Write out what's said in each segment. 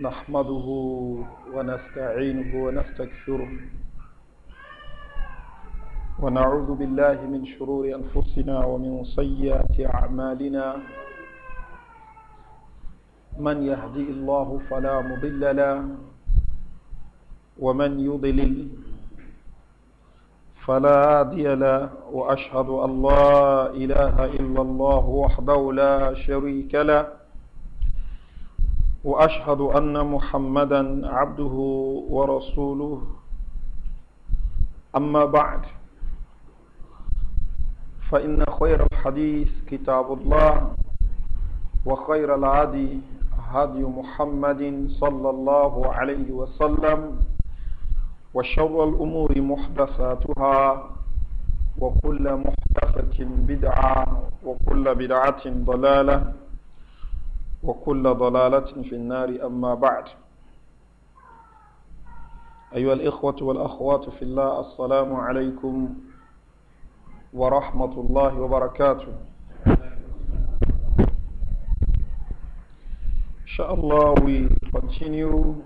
نحمده ونستعينه ونستكفره ونعوذ بالله من شرور أنفسنا ومن سيئات أعمالنا من يهدي الله فلا مضل له ومن يضلل فلا هادي له وأشهد أن لا إله إلا الله وحده لا شريك له وأشهد أن محمدا عبده ورسوله أما بعد فإن خير الحديث كتاب الله وخير الهدي هدي محمد صلى الله عليه وسلم وشر الأمور محدثاتها وكل محدثة بدعة وكل بدعة ضلالة وكل ضلالة في النار أما بعد أيها الإخوة والأخوات في الله السلام عليكم ورحمة الله وبركاته الله we continue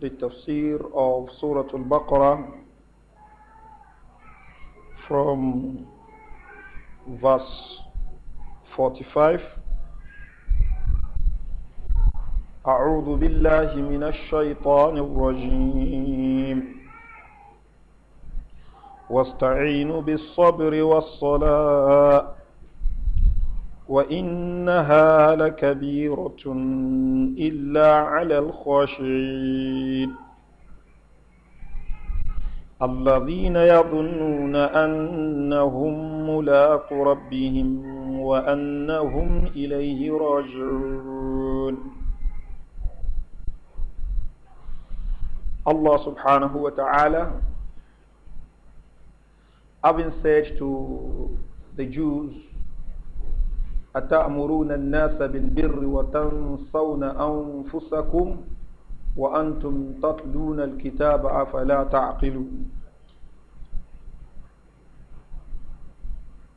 the tafsir of Surah Al-Baqarah from verse 45 أعوذ بالله من الشيطان الرجيم واستعين بالصبر والصلاة وإنها لكبيرة إلا على الخاشعين الذين يظنون أنهم ملاق ربهم وأنهم إليه راجعون Allah subhanahu wa ta'ala, having said to the Jews, أتأمرون الناس بالبر وتنصون أنفسكم وأنتم تطلون الكتاب أفلا تعقلون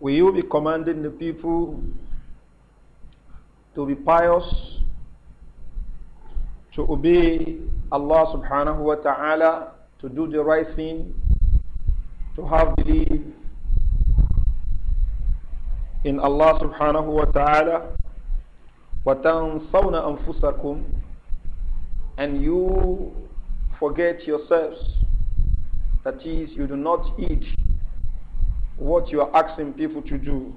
Will you be commanding the people to be pious to obey Allah subhanahu wa ta'ala, to do the right thing, to have belief in Allah subhanahu wa ta'ala, وَتَنْصَوْنَ أَنفُسَكُمْ And you forget yourselves. That is, you do not eat what you are asking people to do.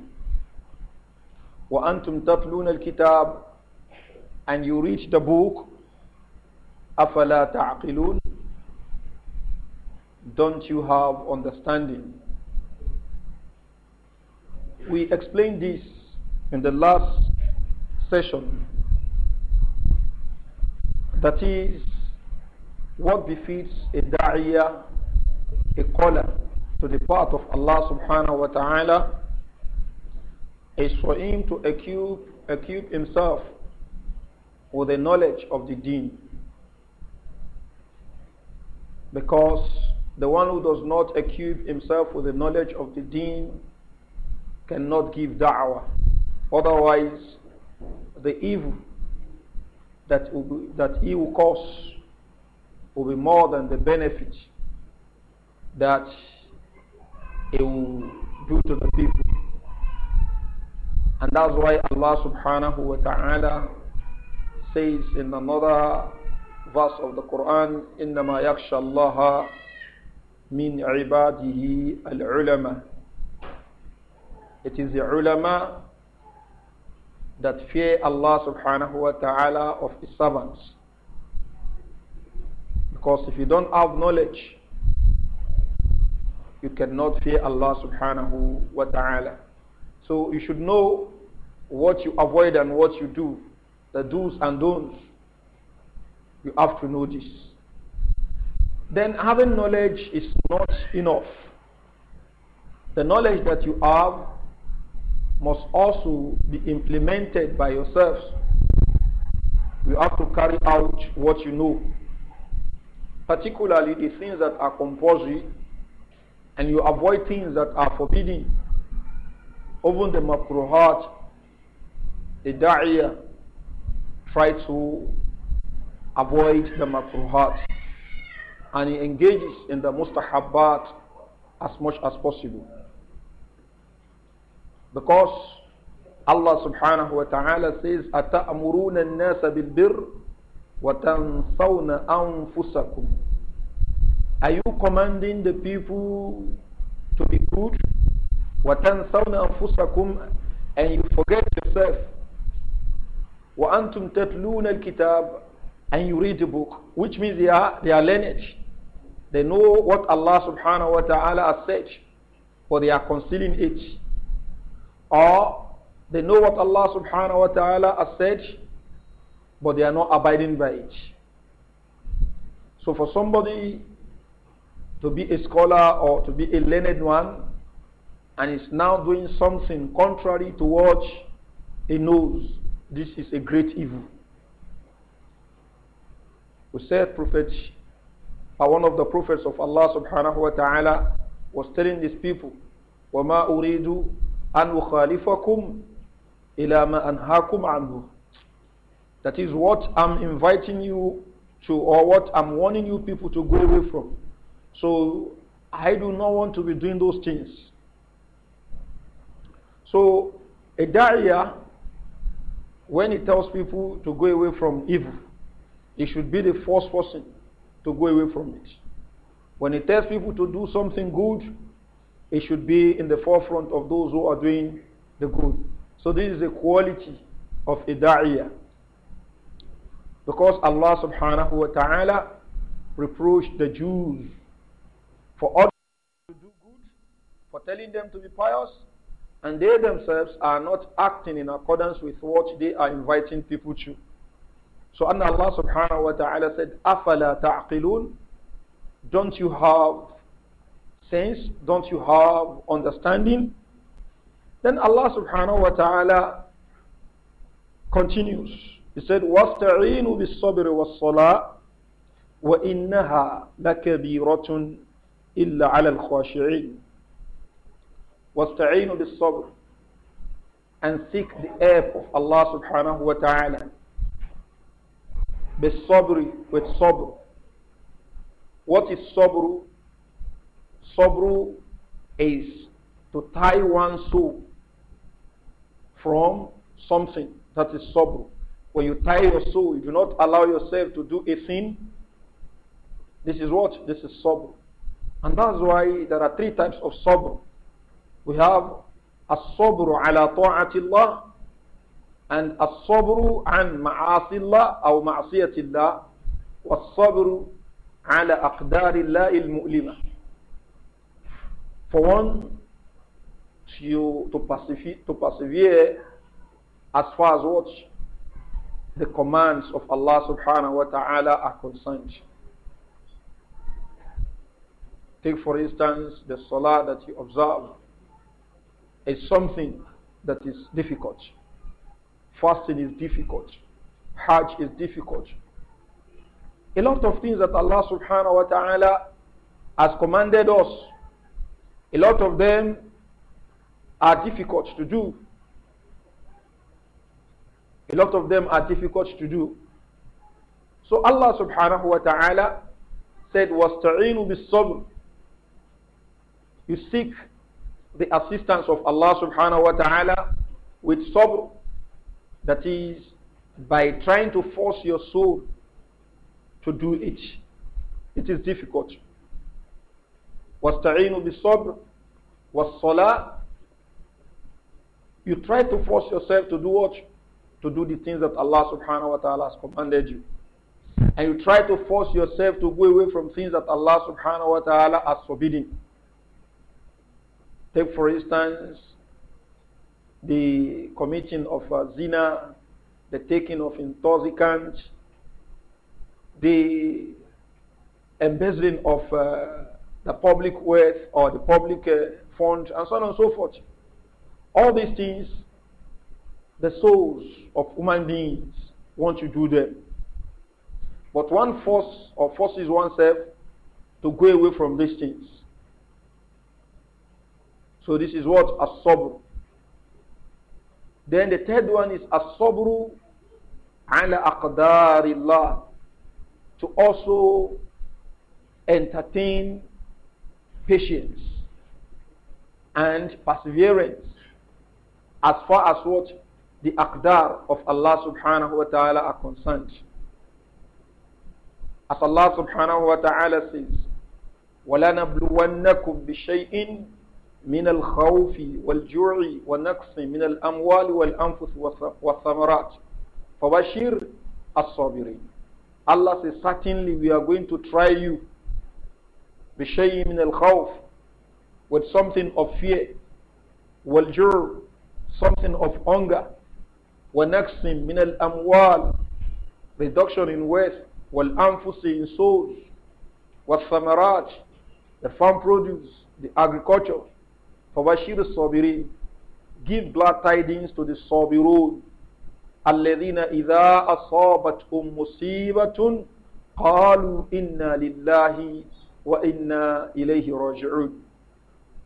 وَأَنْتُمْ تَتْلُونَ الْكِتَابِ And you read the book أَفَلَا تَعْقِلُونَ Don't you have understanding? We explained this in the last session. That is what befits a da'iyah, a caller to the path of Allah subhanahu wa ta'ala is for him to equip, himself with the knowledge of the deen because the one who does not equip himself with the knowledge of the deen cannot give da'wah. Otherwise, the evil that, will be, that he will cause will be more than the benefit that it will do to the people. And that's why Allah subhanahu wa ta'ala says in another verse of the Quran, إِنَّمَا يَخْشَى اللَّهَ مِنْ عِبَادِهِ الْعُلَمَةِ It is the ulama that fear Allah subhanahu wa ta'ala of his servants. Because if you don't have knowledge, you cannot fear Allah subhanahu wa ta'ala. So you should know what you avoid and what you do, the do's and don'ts. You have to know this. Then having knowledge is not enough. The knowledge that you have must also be implemented by yourselves. You have to carry out what you know, particularly the things that are compulsory, and you avoid things that are forbidden. Even the makruhat, the da'iyah, try to avoid the makruhat and he engages in the mustahabbat as much as possible. Because Allah subhanahu wa ta'ala says, أَتَأْمُرُونَ النَّاسَ بِالْبِرِّ وَتَنْسَوْنَ أَنفُسَكُمْ Are you commanding the people to be good? وَتَنْسَوْنَ أَنفُسَكُمْ And you forget yourself. وَأَنْتُمْ تَتْلُونَ الْكِتَابَ and you read the book, which means they are, they are learned. They know what Allah subhanahu wa ta'ala has said, but they are concealing it. Or they know what Allah subhanahu wa ta'ala has said, but they are not abiding by it. So for somebody to be a scholar or to be a learned one, and is now doing something contrary to what he knows, this is a great evil. We said Prophet, uh, one of the prophets of Allah subhanahu wa ta'ala was telling these people, وَمَا أُرِيدُ أَنْ أُخَالِفَكُمْ إِلَى مَا أَنْهَاكُمْ عَنْهُ That is what I'm inviting you to or what I'm warning you people to go away from. So I do not want to be doing those things. So a da'iyah, when he tells people to go away from evil, it should be the first person to go away from it. When he tells people to do something good, it should be in the forefront of those who are doing the good. So this is the quality of a da'iyah. Because Allah subhanahu wa ta'ala reproached the Jews for ordering to do good, for telling them to be pious, and they themselves are not acting in accordance with what they are inviting people to. So and Allah subhanahu wa ta'ala said, Afala تعقلون تَعْقِلُونَ Don't you have sense? Don't you have understanding? Then Allah subhanahu wa ta'ala continues. He said, وَاسْتَعِينُوا بِالصَّبْرِ وَالصَّلَاةِ وَإِنَّهَا لَكَبِيرَةٌ إِلَّا عَلَى الْخَاشِعِينَ وَاسْتَعِينُوا بِالصَّبْرِ And seek the help of Allah subhanahu wa ta'ala. بالصبر with sabr. What is sobru? Sobru is to tie one's soul from something that is sobru. When you tie your soul, you do not allow yourself to do a thing. This is what? This is sabr. And that's why there are three types of sabr. We have as sobru ala ta'atillah أن الصبر عن معاصي الله أو معصية الله والصبر على أقدار الله المؤلمة For one to, to, pacify, to persevere as far as what the commands of Allah subhanahu wa ta'ala are concerned. Take for instance the salah that you observe is something that is difficult. Fasting is difficult. Hajj is difficult. A lot of things that Allah subhanahu wa ta'ala has commanded us, a lot of them are difficult to do. A lot of them are difficult to do. So Allah subhanahu wa ta'ala said, وَاسْتَعِينُوا بِالصَّبْرِ You seek the assistance of Allah subhanahu wa ta'ala with sabr that is, by trying to force your soul to do it, it is difficult. وَاسْتَعِينُ بِالصَّبْرِ وَالصَّلَاةِ You try to force yourself to do what? To do the things that Allah subhanahu wa ta'ala has commanded you. And you try to force yourself to go away from things that Allah subhanahu wa ta'ala has forbidden. Take for instance, the committing of uh, zina, the taking of intoxicants, the embezzling of uh, the public wealth or the public uh, fund, and so on and so forth. All these things, the souls of human beings want to do them. But one force or forces oneself to go away from these things. So this is what a sub. Then the third one is as-sabru ala aqdarillah. To also entertain patience and perseverance as far as what the aqdar of Allah subhanahu wa ta'ala are concerned. As Allah subhanahu wa ta'ala says, وَلَنَبْلُوَنَّكُمْ بِشَيْءٍ من الخوف والجوع والنقص من الأموال والأنفس والثمرات فبشر الصابرين Allah says certainly we are going to try you بشيء من الخوف with something of fear والجوع something of hunger ونقص من الأموال reduction in wealth والأنفس in souls والثمرات the farm produce the agriculture Fawashir Sabiri, give glad tidings to the Sabirun. الذين إذا أصابتهم مصيبة قالوا إنا لله وإنا إليه راجعون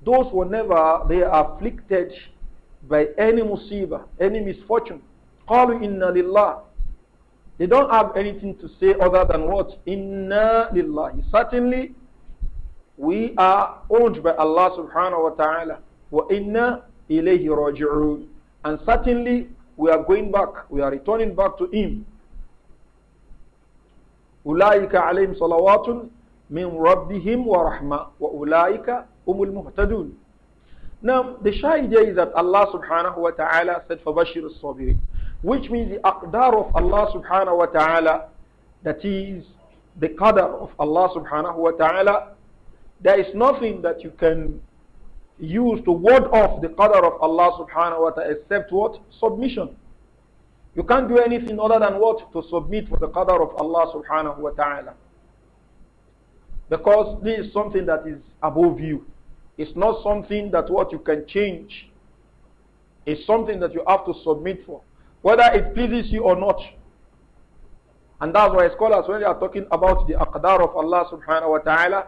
Those whenever they are afflicted by any musibah, any misfortune, قالوا إنا لله They don't have anything to say other than what? "Inna lillahi." Certainly we are owned by Allah subhanahu wa ta'ala. Wa inna ilayhi raji'un. And certainly we are going back, we are returning back to Him. أُولَٰئِكَ عَلَيْهِمْ صَلَوَاتٌ مِنْ رَبِّهِمْ وَرَحْمَةٌ وَأُولَٰئِكَ هُمُ الْمُهْتَدُونَ Now, the shy idea is that Allah subhanahu wa ta'ala said, for Bashir al الصَّابِرِينَ Which means the aqdar of Allah subhanahu wa ta'ala, that is, the qadar of Allah subhanahu wa ta'ala there is nothing that you can use to ward off the qadr of Allah subhanahu wa ta'ala except what? Submission. You can't do anything other than what? To submit for the qadr of Allah subhanahu wa ta'ala. Because this is something that is above you. It's not something that what you can change. It's something that you have to submit for. Whether it pleases you or not. And that's why scholars, when they are talking about the aqdar of Allah subhanahu wa ta'ala,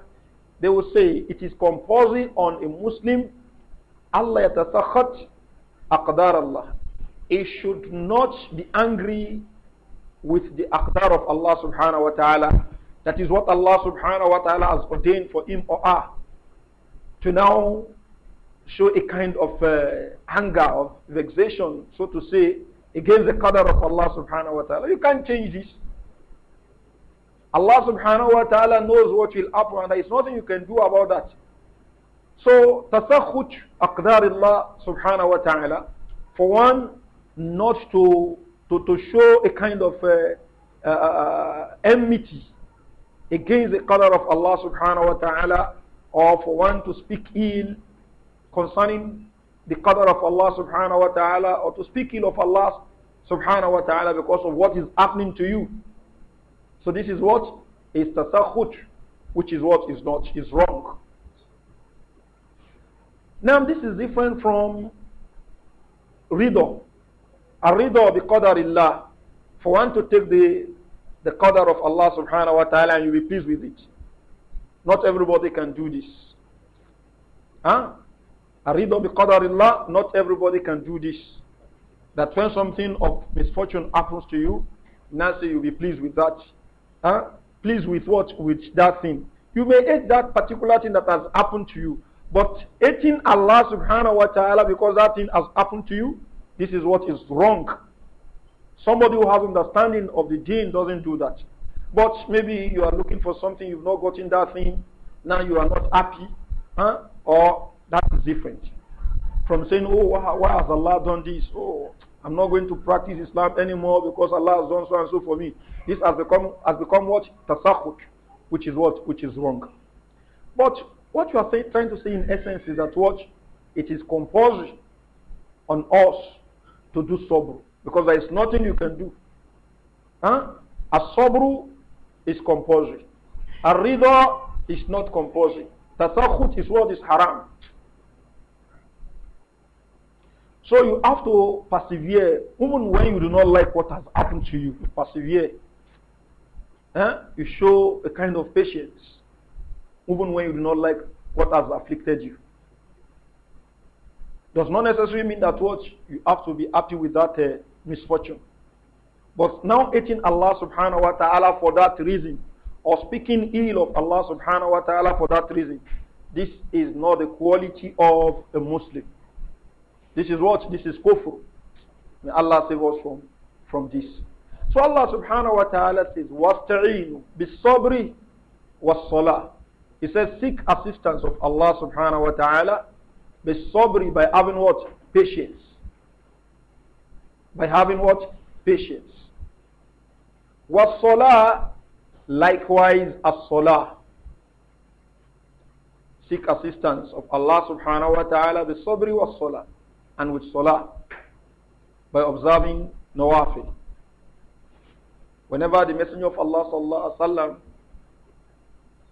they will say it is composing on a Muslim Allah yatasakhat aqdar Allah. He should not be angry with the aqdar of Allah subhanahu wa ta'ala. That is what Allah subhanahu wa ta'ala has ordained for him or her. To now show a kind of uh, anger, of vexation, so to say, against the qadar of Allah subhanahu wa ta'ala. You can't change this. Allah subhanahu wa ta'ala knows what will happen and there is nothing you can do about that. So, tasakhut aqdarillah subhanahu wa ta'ala, for one not to, to, to show a kind of uh, uh, uh, uh enmity against the qadr of Allah subhanahu wa ta'ala or for one to speak ill concerning the qadr of Allah subhanahu wa ta'ala or to speak ill of Allah subhanahu wa ta'ala because of what is happening to you. So this is what is tasakhut, which is what is not, is wrong. Now this is different from rido. A rido bi qadarillah. For one to take the, the qadar of Allah subhanahu wa ta'ala and you be pleased with it. Not everybody can do this. Huh? A rido bi qadarillah, not everybody can do this. That when something of misfortune happens to you, now say you'll be pleased with that huh, pleased with what? With that thing. You may hate that particular thing that has happened to you. But hating Allah subhanahu wa ta'ala because that thing has happened to you, this is what is wrong. Somebody who has understanding of the deen doesn't do that. But maybe you are looking for something, you've not gotten that thing, now you are not happy, huh? or that is different. From saying, oh, why, why has Allah done this? Oh, I'm not going to practice Islam anymore because Allah has done so and so for me. This has become, has become what? Tasakhut, which is what? Which is wrong. But what you are say, trying to say in essence is that what? It is compulsory on us to do sabr because there is nothing you can do. Huh? A sabr is compulsory. A rida is not compulsory. Tasakhut is what is haram. So you have to persevere, even when you do not like what has happened to you. You persevere. Eh? You show a kind of patience, even when you do not like what has afflicted you. Does not necessarily mean that what you have to be happy with that uh, misfortune. But now hating Allah subhanahu wa ta'ala for that reason, or speaking ill of Allah subhanahu wa ta'ala for that reason, this is not the quality of a Muslim. This is what? This is kufr. May Allah save us from, from this. So Allah subhanahu wa ta'ala says, وَاسْتَعِينُ بِالصَّبْرِ وَالصَّلَاةِ He says, seek assistance of Allah subhanahu wa ta'ala بِالصَّبْرِ by having what? Patience. By having what? Patience. وَالصَّلَاةِ Likewise, as-salah. Seek assistance of Allah subhanahu wa ta'ala بِالصَّبْرِ وَالصَّلَاةِ and with salah by observing nawafil. Whenever the Messenger of Allah وسلم,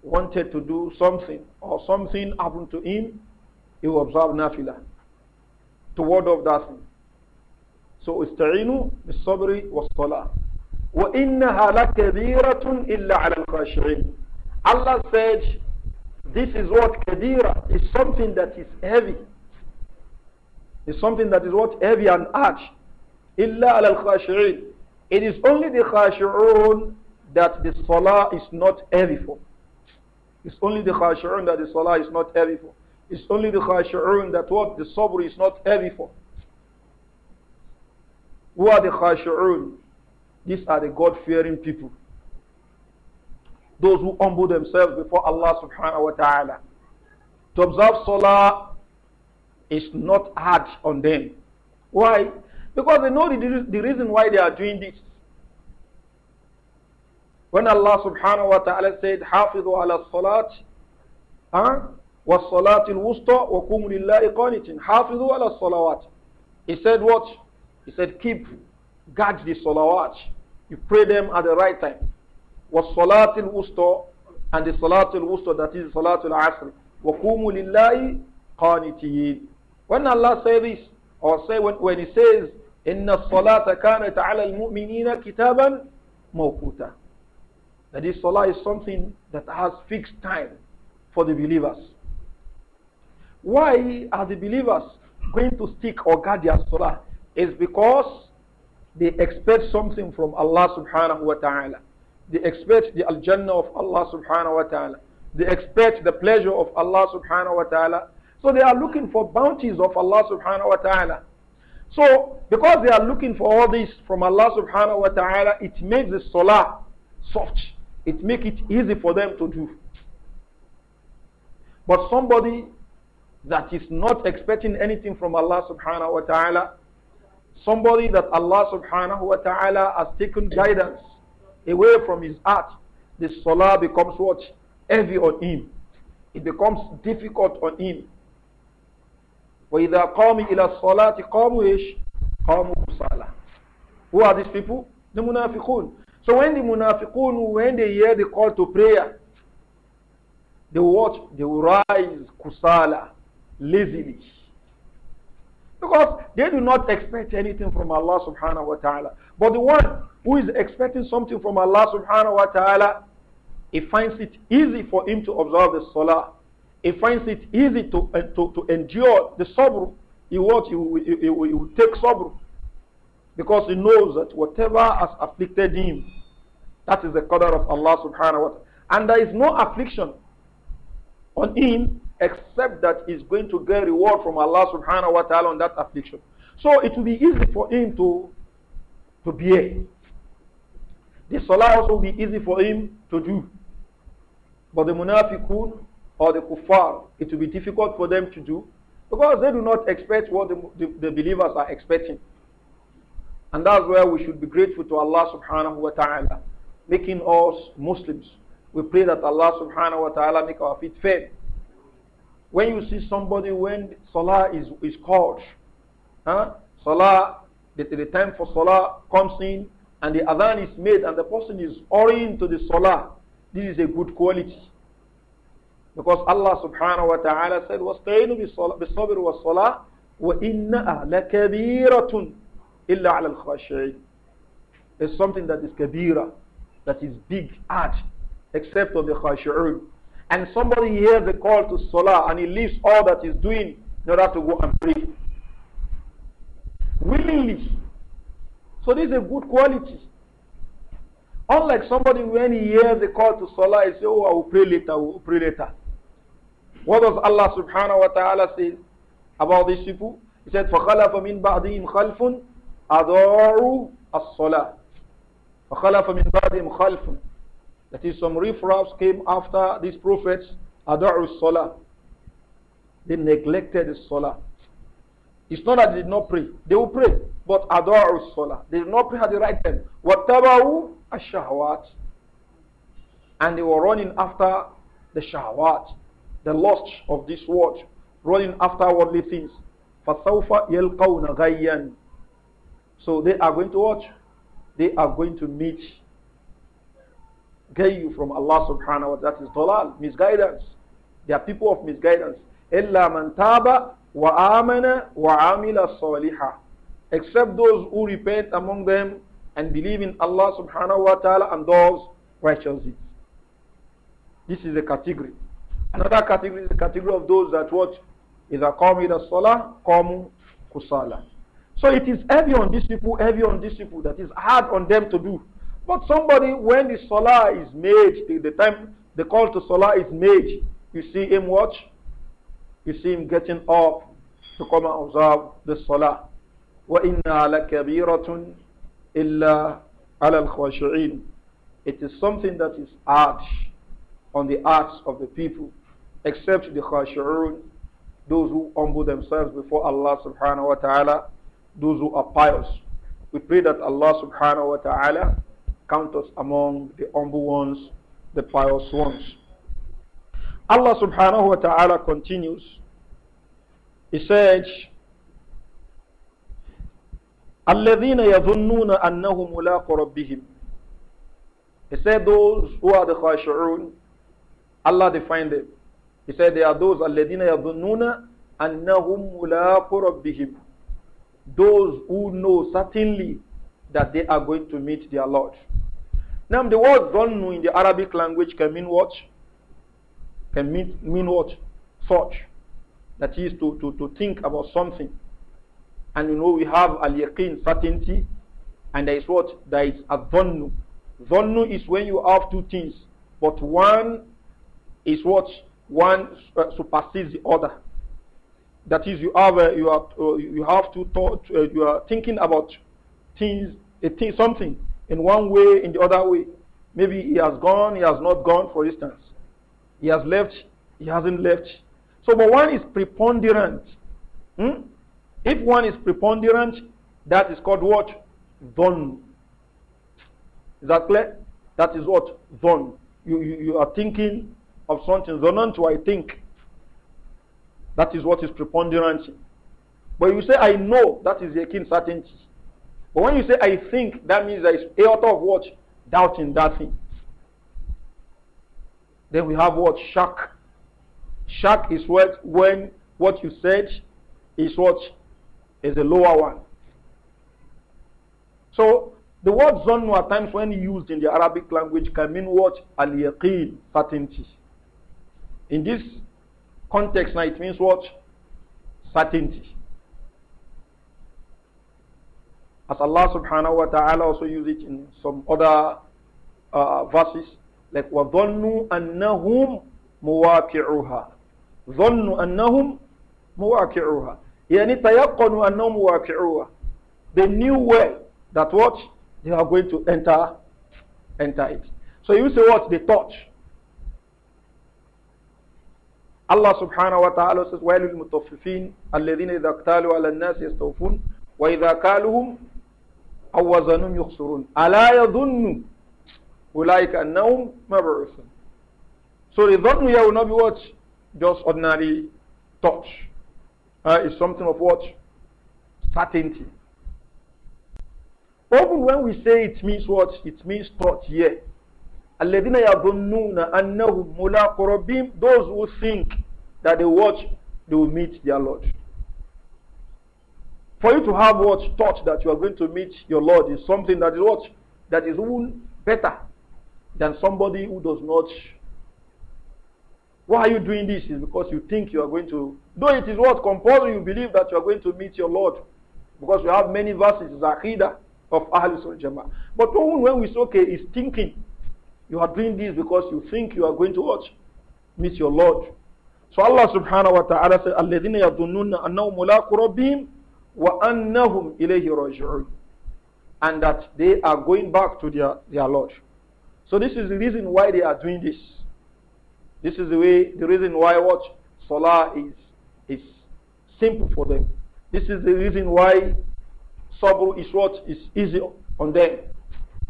wanted to do something or something happened to him, he would observe nafila toward of that thing. So استعينوا بالصبر salah وإنها لكبيرة إلا على الخاشعين Allah said this is what kabira is something that is heavy is something that is what? Heavy and arch. Illa al khashi'in. It is only the khashi'un that the salah is not heavy for. It's only the khashi'un that the salah is not heavy for. It's only the khashi'un that what? The sabr is not heavy for. Who are the khashi'un? These are the God-fearing people. Those who humble themselves before Allah subhanahu wa ta'ala. To observe salah is not hard on them. Why? Because they know the, the reason why they are doing this. When Allah subhanahu wa ta'ala said, حافظوا على الصلاة huh? والصلاة الوسطى وقوموا لله قانتين حافظوا على الصلوات He said what? He said keep, guard the salawat. You pray them at the right time. والصلاة الوسطى and the salatul wusta that is salatul asr. وقوموا لله قانتين when Allah says this, or say when, when He says, salat الصَّلَاةَ ala 'ala muminina kitaban" (mawquta), That this salah is something that has fixed time for the believers. Why are the believers going to stick or guard their salah? Is because they expect something from Allah subhanahu wa ta'ala. They expect the al-jannah of Allah subhanahu wa ta'ala. They expect the pleasure of Allah subhanahu wa ta'ala. So they are looking for bounties of Allah subhanahu wa ta'ala. So because they are looking for all this from Allah subhanahu wa ta'ala, it makes the salah soft. It makes it easy for them to do. But somebody that is not expecting anything from Allah subhanahu wa ta'ala, somebody that Allah subhanahu wa ta'ala has taken guidance away from his heart, the salah becomes what? Heavy on him. It becomes difficult on him. وَإِذَا قام إِلَى الصَّلَاةِ قَامُوا إِيش قَامُوا صَلَاةً Who are these people? The munafiqun. So when the munafiqun, when they hear the call to prayer, they watch, they will rise kusala, lazily. Because they do not expect anything from Allah subhanahu wa ta'ala. But the one who is expecting something from Allah subhanahu wa ta'ala, he finds it easy for him to observe the salah he finds it easy to, uh, to, to, endure the sorrow he, what, he, he, he, will take sorrow Because he knows that whatever has afflicted him, that is the color of Allah subhanahu wa ta'ala. And there is no affliction on him except that he's going to get reward from Allah subhanahu wa ta'ala on that affliction. So it will be easy for him to, to bear. The salah also will be easy for him to do. But the munafiqun, or the kuffar, it will be difficult for them to do because they do not expect what the, the, the believers are expecting. And that's where we should be grateful to Allah subhanahu wa ta'ala, making us Muslims. We pray that Allah subhanahu wa ta'ala make our feet firm. When you see somebody when salah is, is called, huh? salah, the, the time for salah comes in and the adhan is made and the person is oriented to the salah, this is a good quality. Because Allah subhanahu wa ta'ala said, وَاسْتَعِينُوا بِالصَّبْرِ وَالصَّلَاةِ وَإِنَّهَا لَكَبِيرَةٌ إِلَّا عَلَى الْخَاشِعِينَ It's something that is kabira, that is big, hard, except on the khashi'un. And somebody hears the call to salah and he leaves all that he's doing in order to go and pray. Willingly. So this is a good quality. Unlike somebody when he hears the call to salah, he says, oh, I will pray later, I will pray later. What does Allah subhanahu wa ta'ala say about these people? He said, فَخَلَفَ مِنْ بَعْدِهِمْ خَلْفٌ أَضَاعُوا الصَّلَاةِ فَخَلَفَ مِنْ بَعْدِهِمْ خَلْفٌ That is, some riffraffs came after these prophets, أَضَاعُوا الصَّلَاةِ They neglected the salah. It's not that they did not pray. They will pray, but أَضَاعُوا الصَّلَاةِ They did not pray at the right time. وَاتَّبَعُوا الشَّهَوَاتِ And they were running after the shahwat the lust of this world, running after worldly things. فَسَوْفَ يَلْقَوْنَ غَيًّا So they are going to watch. They are going to meet you from Allah subhanahu wa ta'ala. That is dalal, misguidance. They are people of misguidance. إِلَّا مَنْ تَابَ وَآمَنَ Except those who repent among them and believe in Allah subhanahu wa ta'ala and those righteous deeds. This is the category. Another category is the category of those that watch come قاموا a sala, come kusala. So it is heavy on these people, heavy on these people. That is hard on them to do. But somebody, when the salah is made, the, the time the call to salah is made, you see him watch, you see him getting up to come and observe the salah. لَكَبِيرَةٌ إِلَّا عَلَى It is something that is hard on the hearts of the people except the khashi'un, those who humble themselves before Allah subhanahu wa ta'ala, those who are pious. We pray that Allah subhanahu wa ta'ala count us among the humble ones, the pious ones. Allah subhanahu wa ta'ala continues. He said, الذين يظنون أنهم ملاقوا ربهم He said those who are the khashi'un, Allah defined them. He said there are those alladina yadunnuna annahum mulaqu rabbihim. Those who know certainly that they are going to meet their Lord. Now the word dhannu in the Arabic language can mean what? Can mean, mean what? Thought. That is to, to, to think about something. And you know we have al-yaqeen, certainty. And there is what? There is a zunnu. Zunnu is when you have two things. But one is what? one supersedes the other. That is, you have uh, you are uh, you have to uh, you are thinking about things, a thing, something in one way, in the other way. Maybe he has gone, he has not gone, for instance. He has left, he hasn't left. So, but one is preponderant. Hmm? If one is preponderant, that is called what? Done. Is that clear? That is what? Done. You, you, you are thinking of something. to. I think. That is what is preponderant. But you say, I know, that is yakin certainty. But when you say, I think, that means there is a lot of what? Doubting that thing. Then we have what? Shak. Shak is what when what you said is what is a lower one. So the word zonu at times when used in the Arabic language can mean what? Al-yaqeen, certainty. In this context now, it means what? Certainty. As Allah subhanahu wa ta'ala also used it in some other uh, verses, like وَظَنُّوا أَنَّهُمْ مُوَاقِعُهَا ظَنُّوا أَنَّهُمْ مُوَاقِعُهَا يعني تَيَقَّنُوا أَنَّهُمْ مُوَاقِعُهَا They knew well that what? They are going to enter, enter it. So you say what? They torch. Allah subhanahu wa ta'ala says, Wailul mutaffifin, alladhina idha qtalu ala an-nas yastawfun, wa idha kaluhum aw wazanum yukhsirun. Ala yadhunnu ulaika annahum mab'uthun. So the dhannu here will not Just ordinary touch. Uh, it's something of what? Certainty. Often when we say it means what? It means thought here. Alladina yadhunnuna annahum mulaqu Those who think that they watch, they will meet their Lord. For you to have what thought that you are going to meet your Lord is something that is what? That is even better than somebody who does not. Why are you doing this? Is because you think you are going to. Though it is what compulsory, you believe that you are going to meet your Lord. Because you have many verses, Zakida of Ahl Sunnah But when we say, okay, is thinking, you are doing this because you think you are going to watch, meet your Lord. So Allah subhanahu wa ta'ala said, الَّذِينَ يَظُنُّونَ أَنَّهُمْ مُلَاقُ وَأَنَّهُمْ إِلَيْهِ رَاجِعُونَ And that they are going back to their, their Lord. So this is the reason why they are doing this. This is the way, the reason why what? Salah is, is simple for them. This is the reason why Sabr is what is easy on them.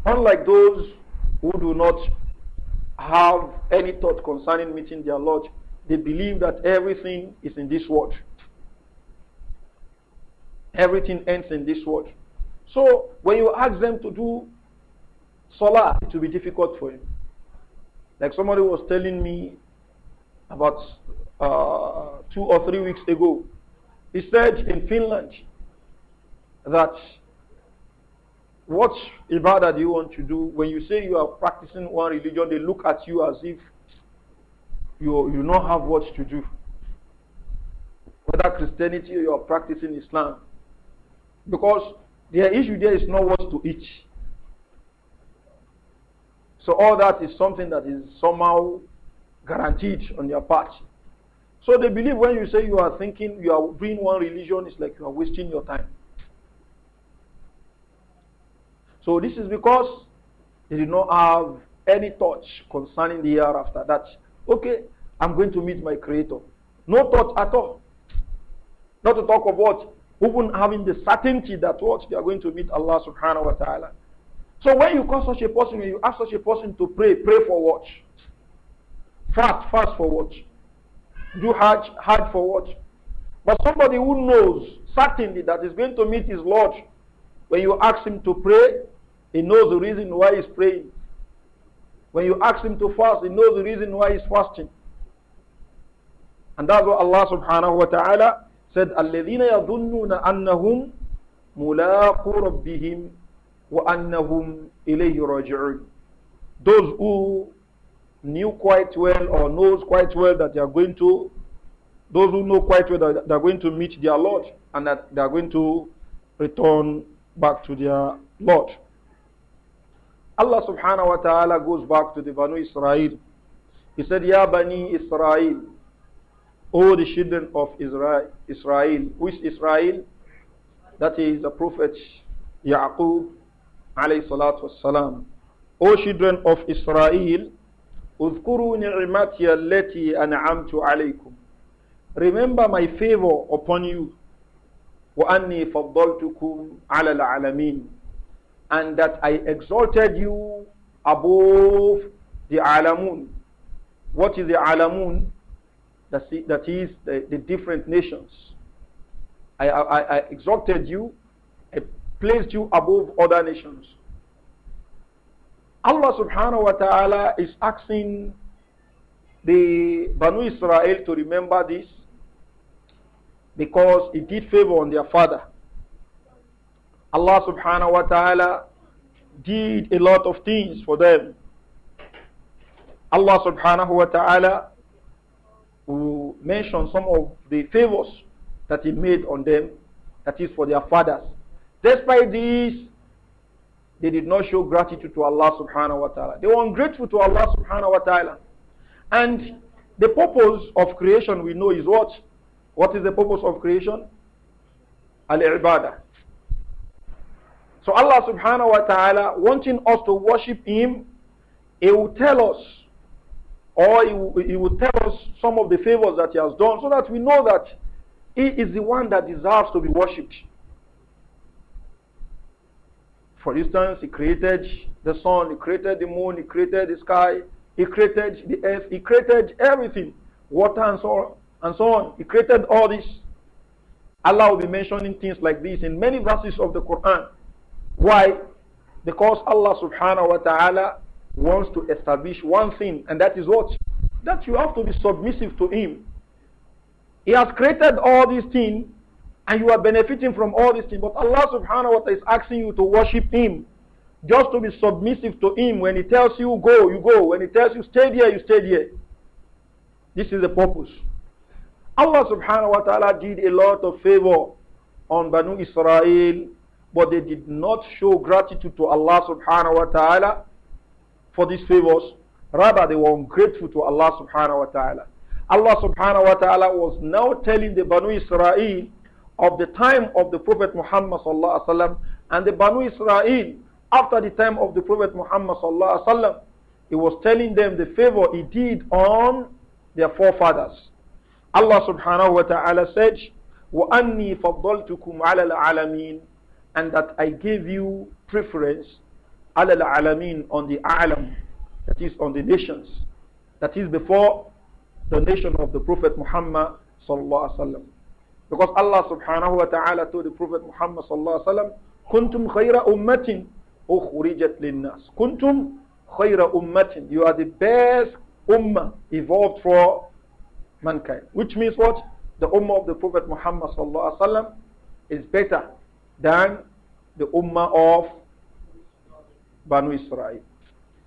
Unlike those who do not have any thought concerning meeting their Lord, they believe that everything is in this world. Everything ends in this world. So when you ask them to do solar, it will be difficult for you. Like somebody was telling me about uh, two or three weeks ago. He said in Finland that what ibadah do you want to do? When you say you are practicing one religion, they look at you as if you, you don't have what to do. Whether Christianity or you are practicing Islam. Because their issue there is not what to eat. So all that is something that is somehow guaranteed on your part. So they believe when you say you are thinking, you are doing one religion, it's like you are wasting your time. So this is because they did not have any thought concerning the year after that. Okay, I'm going to meet my creator. No thought at all. Not to talk of what? Even having the certainty that what they are going to meet Allah subhanahu wa ta'ala. So when you call such a person, when you ask such a person to pray, pray for what? Fast, fast for what? Do hard, hard for what? But somebody who knows certainly that he's going to meet his Lord, when you ask him to pray, he knows the reason why he's praying. When you ask him to fast, he knows the reason why he's fasting. And that's what Allah subhanahu wa ta'ala said, الَّذِينَ يَظُنُّونَ أَنَّهُمْ مُلَاقُ رَبِّهِمْ وَأَنَّهُمْ إِلَيْهِ رَاجِعُونَ Those who knew quite well or knows quite well that they are going to, those who know quite well that they are going to meet their Lord and that they are going to return back to their Lord. Allah subhanahu wa ta'ala goes back to the Banu Israel. He said, Ya Bani Israel, O the children of Israel, Israel. Which Israel? That is the Prophet Yaqub alayhi salatu wasalam. O children of Israel, اذكروا نعمتي التي أنعمت عليكم. Remember my favor upon you. وأني فضلتكم على العالمين and that I exalted you above the Alamun. What is the Alamun? That is the, the different nations. I, I, I exalted you, I placed you above other nations. Allah subhanahu wa ta'ala is asking the Banu Israel to remember this because he did favor on their father. Allah subhanahu wa ta'ala did a lot of things for them. Allah subhanahu wa ta'ala will mention some of the favors that He made on them, that is for their fathers. Despite these, they did not show gratitude to Allah subhanahu wa ta'ala. They were ungrateful to Allah subhanahu wa ta'ala. And the purpose of creation we know is what? What is the purpose of creation? Al-ibadah. So Allah subhanahu wa ta'ala, wanting us to worship Him, He will tell us, or he will, he will tell us some of the favors that He has done, so that we know that He is the one that deserves to be worshipped. For instance, He created the sun, He created the moon, He created the sky, He created the earth, He created everything, water and so on, and so on. He created all this. Allah will be mentioning things like this in many verses of the Quran. Why? Because Allah subhanahu wa ta'ala wants to establish one thing, and that is what? That you have to be submissive to Him. He has created all these things, and you are benefiting from all these things. But Allah subhanahu wa ta'ala is asking you to worship Him, just to be submissive to Him. When He tells you go, you go. When He tells you stay there, you stay there. This is the purpose. Allah subhanahu wa ta'ala did a lot of favor on Banu Israel but they did not show gratitude to Allah subhanahu wa ta'ala for these favors. Rather, they were ungrateful to Allah subhanahu wa ta'ala. Allah subhanahu wa ta'ala was now telling the Banu Israel of the time of the Prophet Muhammad sallallahu alaihi wasallam and the Banu Israel after the time of the Prophet Muhammad sallallahu alaihi wasallam. He was telling them the favor he did on their forefathers. Allah subhanahu wa ta'ala said, وَأَنِّي فَضَّلْتُكُمْ عَلَى الْعَالَمِينَ and that I gave you preference alal alamin on the alam, that is on the nations, that is before the nation of the Prophet Muhammad sallallahu alaihi wasallam. Because Allah subhanahu wa ta'ala told the Prophet Muhammad sallallahu alaihi wasallam, "Kuntum khayra ummatin ukhrijat linnas." Kuntum khayra ummatin. You are the best ummah evolved for mankind. Which means what? The ummah of the Prophet Muhammad sallallahu alaihi wasallam is better than the Ummah of Banu Israel.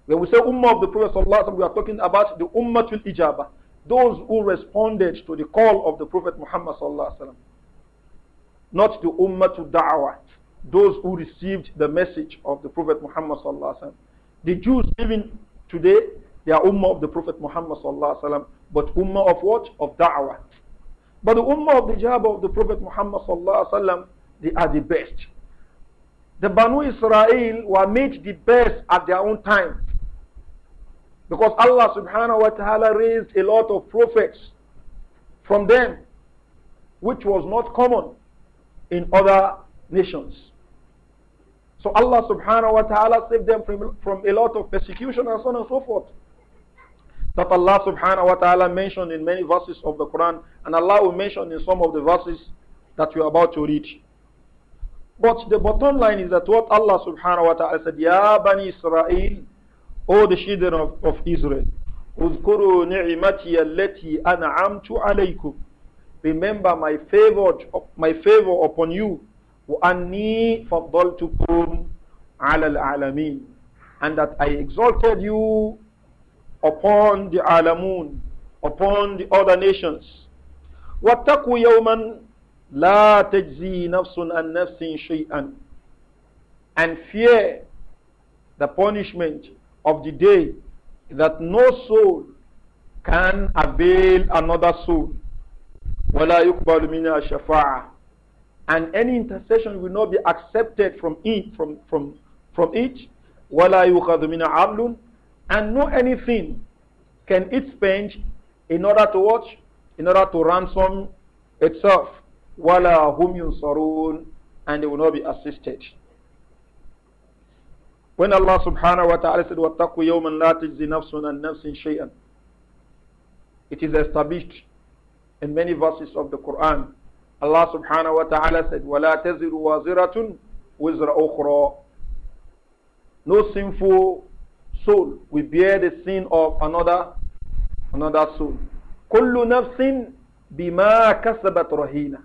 When we say Ummah of the Prophet Sallallahu we are talking about the Ummah to Ijabah, those who responded to the call of the Prophet Muhammad Sallallahu Not the Ummah to Da'wat, those who received the message of the Prophet Muhammad Sallallahu The Jews even today, they are Ummah of the Prophet Muhammad Sallallahu but Ummah of what? Of Da'wat. But the Ummah of the Ijabah of the Prophet Muhammad Sallallahu they are the best. The Banu Israel were made the best at their own time. Because Allah subhanahu wa ta'ala raised a lot of prophets from them, which was not common in other nations. So Allah subhanahu wa ta'ala saved them from, from a lot of persecution and so on and so forth. That Allah subhanahu wa ta'ala mentioned in many verses of the Quran, and Allah will mention in some of the verses that we are about to read. But the bottom line is that what Allah subhanahu wa ta'ala said, Ya Bani Israel, O the children of, of Israel, اذكروا نعمتي التي أنعمت عليكم Remember my favor, my favor upon you. وأني فضلتكم على العالمين And that I exalted you upon the alamun, upon the other nations. واتقوا يوما La tajzi nafsun an nafsin shay'an. And fear the punishment of the day that no soul can avail another soul. وَلَا يُقْبَلُ مِنَا شَفَاعَةً And any intercession will not be accepted from it, from, from, from it. وَلَا يُخَذُ مِنَا عَبْلٌ And no anything can it spend in order to watch, in order to ransom itself. وَلَا هُمْ يُنصَرُونَ And they will not be assisted. When Allah subhanahu wa ta'ala said, وَاتَّقُوا يَوْمًا لَا تَجْزِي نَفْسٌ عَنْ نَفْسٍ شَيْئًا It is established in many verses of the Quran. Allah subhanahu wa ta'ala said, وَلَا تَزِرُ وَازِرَةٌ وِزْرَ أُخْرَى No sinful soul will bear the sin of another another soul. كل نفس بما كسبت رهينة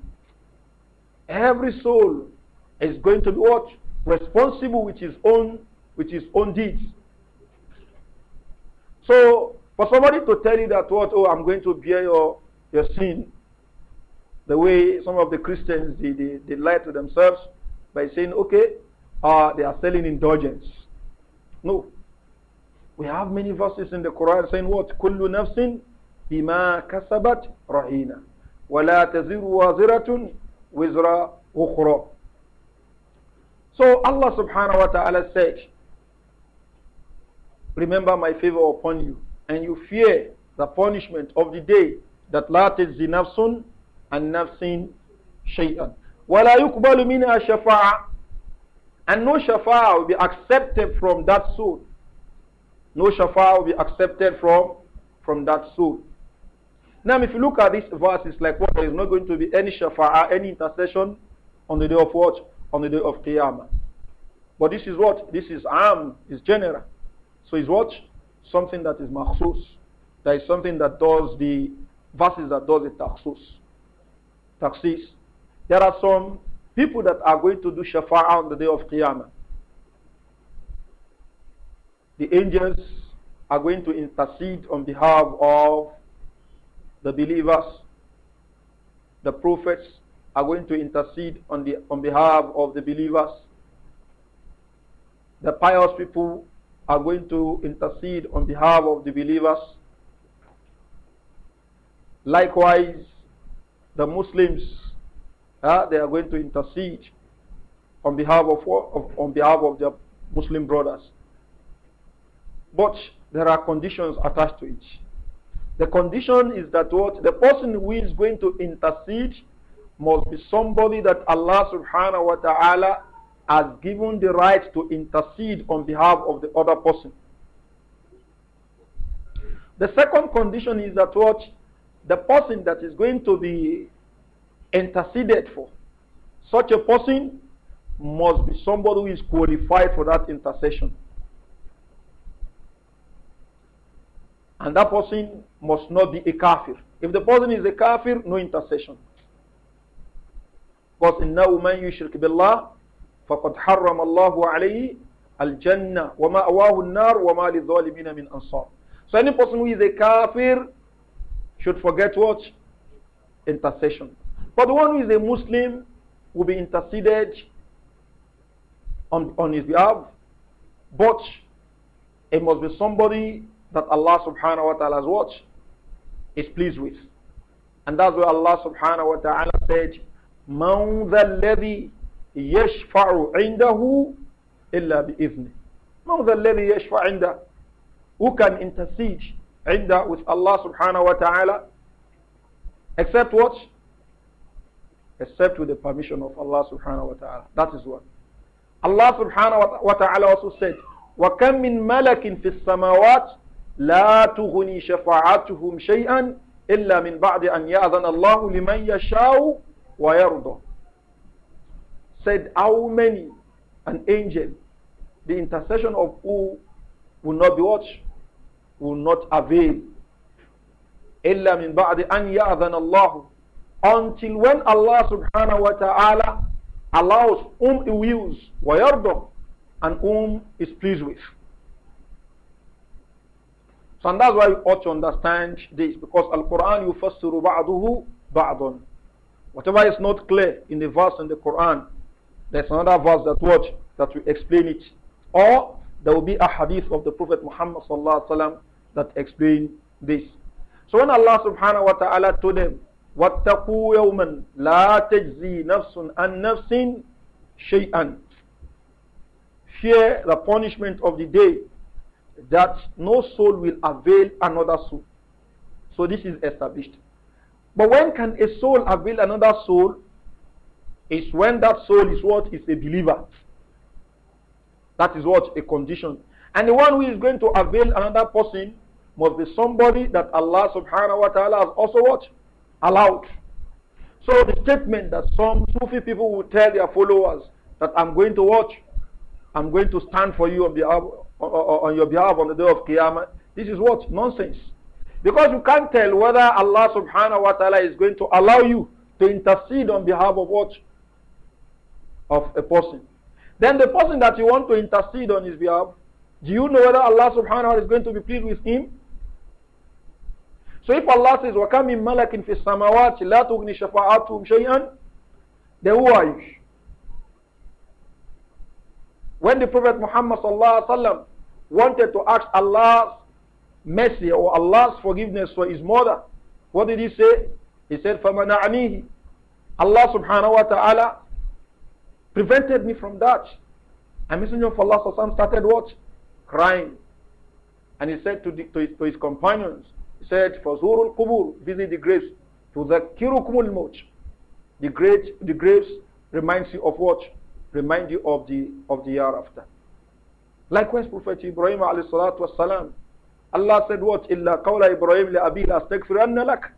Every soul is going to be what? Responsible with his own, with his own deeds. So, for somebody to tell you that what, oh, I'm going to bear your, your sin, the way some of the Christians, they, they, they lie to themselves by saying, okay, uh, they are selling indulgence. No. We have many verses in the Quran saying what? كُلُّ نَفْسٍ kasabat rahina, رَهِينَ وَلَا تَزِرُ وَازِرَةٌ wizra ukhra. So Allah subhanahu wa ta'ala said, Remember my favor upon you, and you fear the punishment of the day that la tajzi nafsun an nafsin shay'an. وَلَا يُقْبَلُ مِنْهَا شَفَاعَةً And no shafa'a will be accepted from that soul. No shafa'a will be accepted from, from that soul. Now, if you look at this verse, it's like what? There is not going to be any shafa'ah, any intercession on the day of what? On the day of Qiyamah. But this is what? This is am, is general. So it's what? Something that is makhsus. That is something that does the verses that does the taxus. Taxis. There are some people that are going to do shafa'ah on the day of Qiyamah. The angels are going to intercede on behalf of the believers, the prophets are going to intercede on, the, on behalf of the believers. The pious people are going to intercede on behalf of the believers. Likewise, the Muslims, uh, they are going to intercede on behalf of, of on behalf of their Muslim brothers. But there are conditions attached to it. The condition is that what the person who is going to intercede must be somebody that Allah subhanahu wa ta'ala has given the right to intercede on behalf of the other person. The second condition is that what the person that is going to be interceded for, such a person must be somebody who is qualified for that intercession. And that person must not be a kafir. If the person is a kafir, no intercession. Because إِنَّهُ fakat يُشْرِكْ بِاللَّهِ فَقَدْ حَرَّمَ wa عَلَيْهِ الْجَنَّةِ وَمَا wa ma وَمَا لِلظَّالِمِينَ min ansar. So any person who is a kafir should forget what? Intercession. But the one who is a Muslim will be interceded on, on his behalf. But it must be somebody that Allah subhanahu wa ta'ala has watched is pleased with. And that's why Allah subhanahu wa ta'ala said, مَنْ ذَا الَّذِي يَشْفَعُ عِنْدَهُ إِلَّا بِإِذْنِهِ مَنْ ذَا الَّذِي يَشْفَعُ عِنْدَهُ Who can intercede عِنْدَهُ with Allah subhanahu wa ta'ala? Except what? Except with the permission of Allah subhanahu wa ta'ala. That is what. Allah subhanahu wa ta'ala also said, وَكَمْ مِنْ مَلَكٍ فِي السَّمَاوَاتِ لا تغني شفاعتهم شيئا إلا من بعد أن يأذن الله لمن يشاء ويرضى said how many an angel the intercession of who will not be watched will not avail إلا من بعد أن يأذن الله until when Allah subhanahu wa ta'ala allows whom he wills ويرضى and whom is pleased with so and that's why you ought to understand this because Al-Quran yufassiru ba'duhu ba'dun. Whatever is not clear in the verse in the Quran, there's another verse that what that will explain it. Or there will be a hadith of the Prophet Muhammad sallallahu alaihi wasallam that explain this. So when Allah subhanahu wa ta'ala told them, وَاتَّقُوا يَوْمًا لَا تَجْزِي نَفْسٌ أَن نَفْسٍ شَيْئًا Fear the punishment of the day that no soul will avail another soul. So this is established. But when can a soul avail another soul? It's when that soul is what is a believer. That is what a condition. And the one who is going to avail another person must be somebody that Allah subhanahu wa ta'ala has also what? Allowed. So the statement that some Sufi people will tell their followers that I'm going to watch, I'm going to stand for you on behalf on your behalf on the day of Qiyamah. This is what? Nonsense. Because you can't tell whether Allah subhanahu wa ta'ala is going to allow you to intercede on behalf of what? Of a person. Then the person that you want to intercede on his behalf, do you know whether Allah subhanahu wa ta'ala is going to be pleased with him? So if Allah says, وَكَمْ مِن مَلَكٍ فِي السَّمَوَاتِ لَا تُغْنِ شَفَاعَتُهُمْ شَيْئًا Then who are you? When the Prophet Muhammad sallam, wanted to ask Allah's mercy or Allah's forgiveness for his mother, what did he say? He said, فَمَنَعَنِيهِ Allah subhanahu wa ta'ala prevented me from that. And Messenger of Allah sallam, started what? Crying. And he said to, the, to, his, to his companions, he said, فَزُورُ الْقُبُورِ Visit the graves. تُذَكِّرُكُمُ الْمَوْتِ the, great, the graves reminds you of what? remind you of the of the year after. Likewise, Prophet Ibrahim alayhi salatu salam. Allah said what? Illa qawla Ibrahim li abil lak.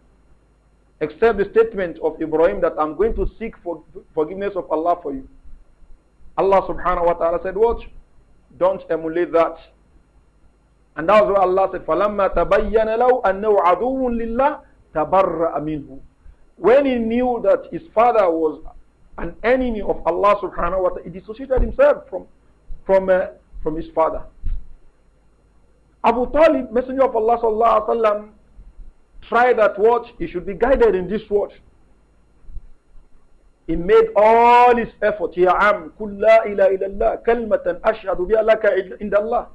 Except the statement of Ibrahim that I'm going to seek for forgiveness of Allah for you. Allah subhanahu wa ta'ala said what? Don't emulate that. And that's why Allah said, فَلَمَّا تَبَيَّنَ لَوْ أَنَّهُ عَدُوٌ لِلَّهِ تَبَرَّأَ مِنْهُ When he knew that his father was an enemy of Allah subhanahu wa ta'ala. He dissociated himself from, from, uh, from his father. Abu Talib, messenger of Allah sallallahu alayhi wa sallam, tried that watch. He should be guided in this watch. He made all his effort. Ya am, kullā ilā ilaha kalmatan ašhadu bi alaka indallah.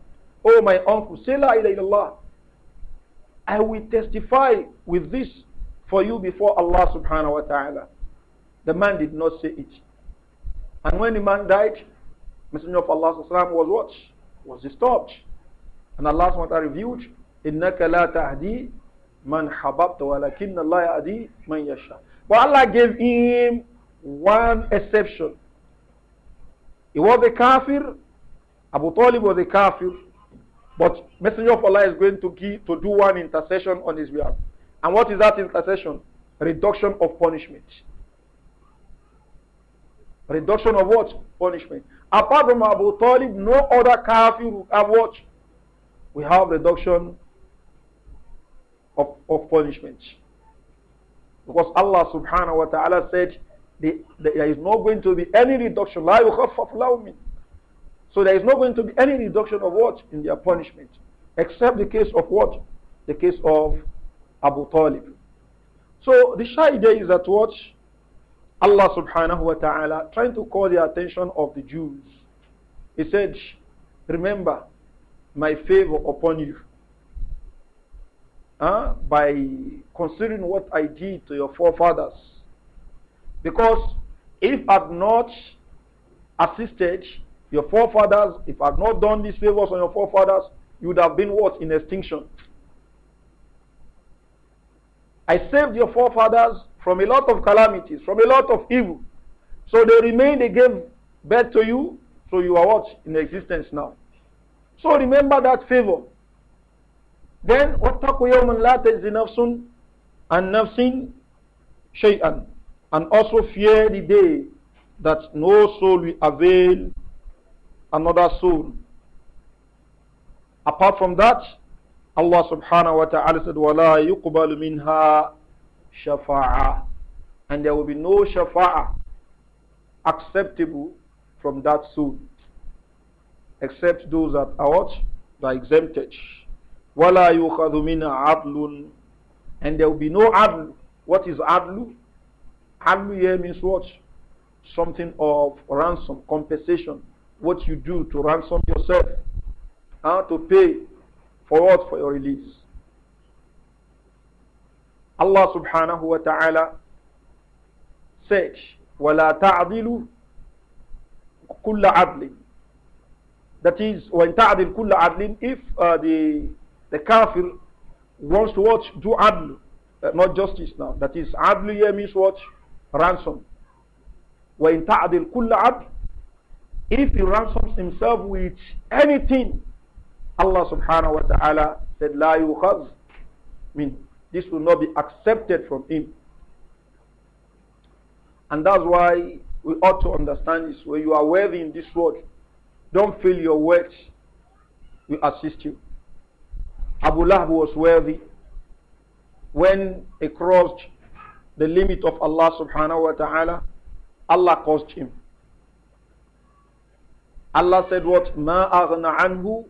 Oh my uncle, say la ilā illallah. I will testify with this for you before Allah subhanahu wa ta'ala. The man did not say it. And when the man died, Messenger of Allah was what? Was disturbed. And Allah SWT revealed, إِنَّكَ لَا تَهْدِي مَنْ حَبَبْتَ وَلَكِنَّ اللَّهَ يَهْدِي مَنْ يَشَاءُ But Allah gave him one exception. He was a kafir. Abu Talib was a kafir. But Messenger of Allah is going to, give, to do one intercession on his behalf. And what is that intercession? Reduction of punishment. Reduction of what? Punishment. Apart from Abu Talib, no other kafir would have what? We have reduction of, of punishment. Because Allah subhanahu wa ta'ala said, there is not going to be any reduction. La yukhaffaf me." So there is not going to be any reduction of what? In their punishment. Except the case of what? The case of Abu Talib. So the shy idea is that what? Allah subhanahu wa ta'ala trying to call the attention of the Jews. He said, Remember my favor upon you huh? by considering what I did to your forefathers. Because if I've not assisted your forefathers, if I've not done these favors on your forefathers, you would have been what? In extinction. I saved your forefathers from a lot of calamities, from a lot of evil. So they remain, they gave birth to you, so you are what? In existence now. So remember that favor. Then, وَاتَّقُوا يَوْمًا لَا تَجْزِ نَفْسٌ عَنْ نَفْسٍ And also fear the day that no soul will avail another soul. Apart from that, Allah subhanahu wa ta'ala said, "Wala يُقْبَلُ minha." Shafa'a, And there will be no shafa'a acceptable from that suit except those that are what? That exempted. وَلَا يُخَذُ مِنَا عَدْلٌ And there will be no adl. What is adlu? Adlu here means what? Something of ransom, compensation. What you do to ransom yourself. How to pay for what? For your release. Allah subhanahu wa ta'ala said, وَلَا تَعْضِلُ كُلَّ عَدْلٍ That is, وَإِن تَعْضِلْ كُلَّ عَدْلٍ If uh, the, the kafir wants to watch, do adl, uh, not justice now. That is, adl here means what? Ransom. وَإِن تَعْضِلْ كُلَّ عَدْلٍ If he ransoms himself with anything, Allah subhanahu wa ta'ala said, لَا يُخَذْ مِنْهُ this will not be accepted from him. And that's why we ought to understand this. When you are worthy in this world, don't feel your worth will assist you. Abu Lahab was worthy when he crossed the limit of Allah subhanahu wa ta'ala, Allah caused him. Allah said what? Ma anhu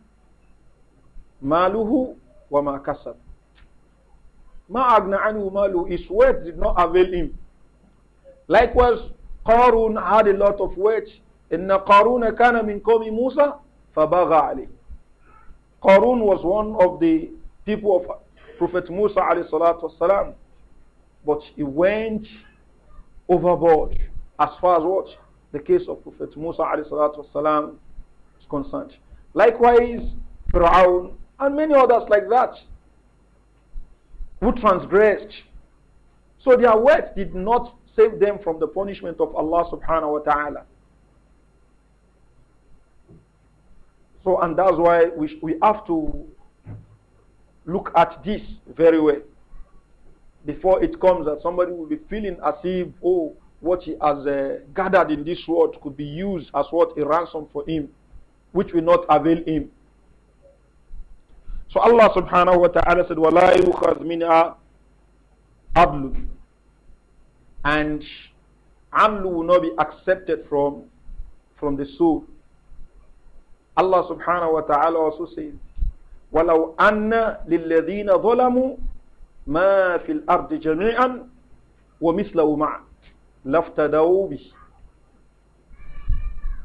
maluhu wa ma kasab. His wealth did not avail him. Likewise, Qarun had a lot of wealth. إن قارون كان min kumi Musa فبغى ali. Qarun was one of the people of Prophet Musa alayhi salatu wasalam, but he went overboard as far as what the case of Prophet Musa alayhi salatu wasalam is concerned likewise Fir'aun and many others like that who transgressed. So their words did not save them from the punishment of Allah subhanahu wa ta'ala. So, and that's why we, we have to look at this very well before it comes that somebody will be feeling as if, oh, what he has uh, gathered in this world could be used as what a ransom for him, which will not avail him. So Allah subhanahu wa ta'ala said, وَلَا يُخَذْ مِنْهَا عَبْلُ And Amlu will not be accepted from, from the soul. Allah subhanahu wa ta'ala also says, وَلَوْ أَنَّ لِلَّذِينَ ظَلَمُوا مَا فِي الْأَرْضِ جَمِيعًا وَمِثْلَهُ مَعًا لَفْتَدَوُوا بِهِ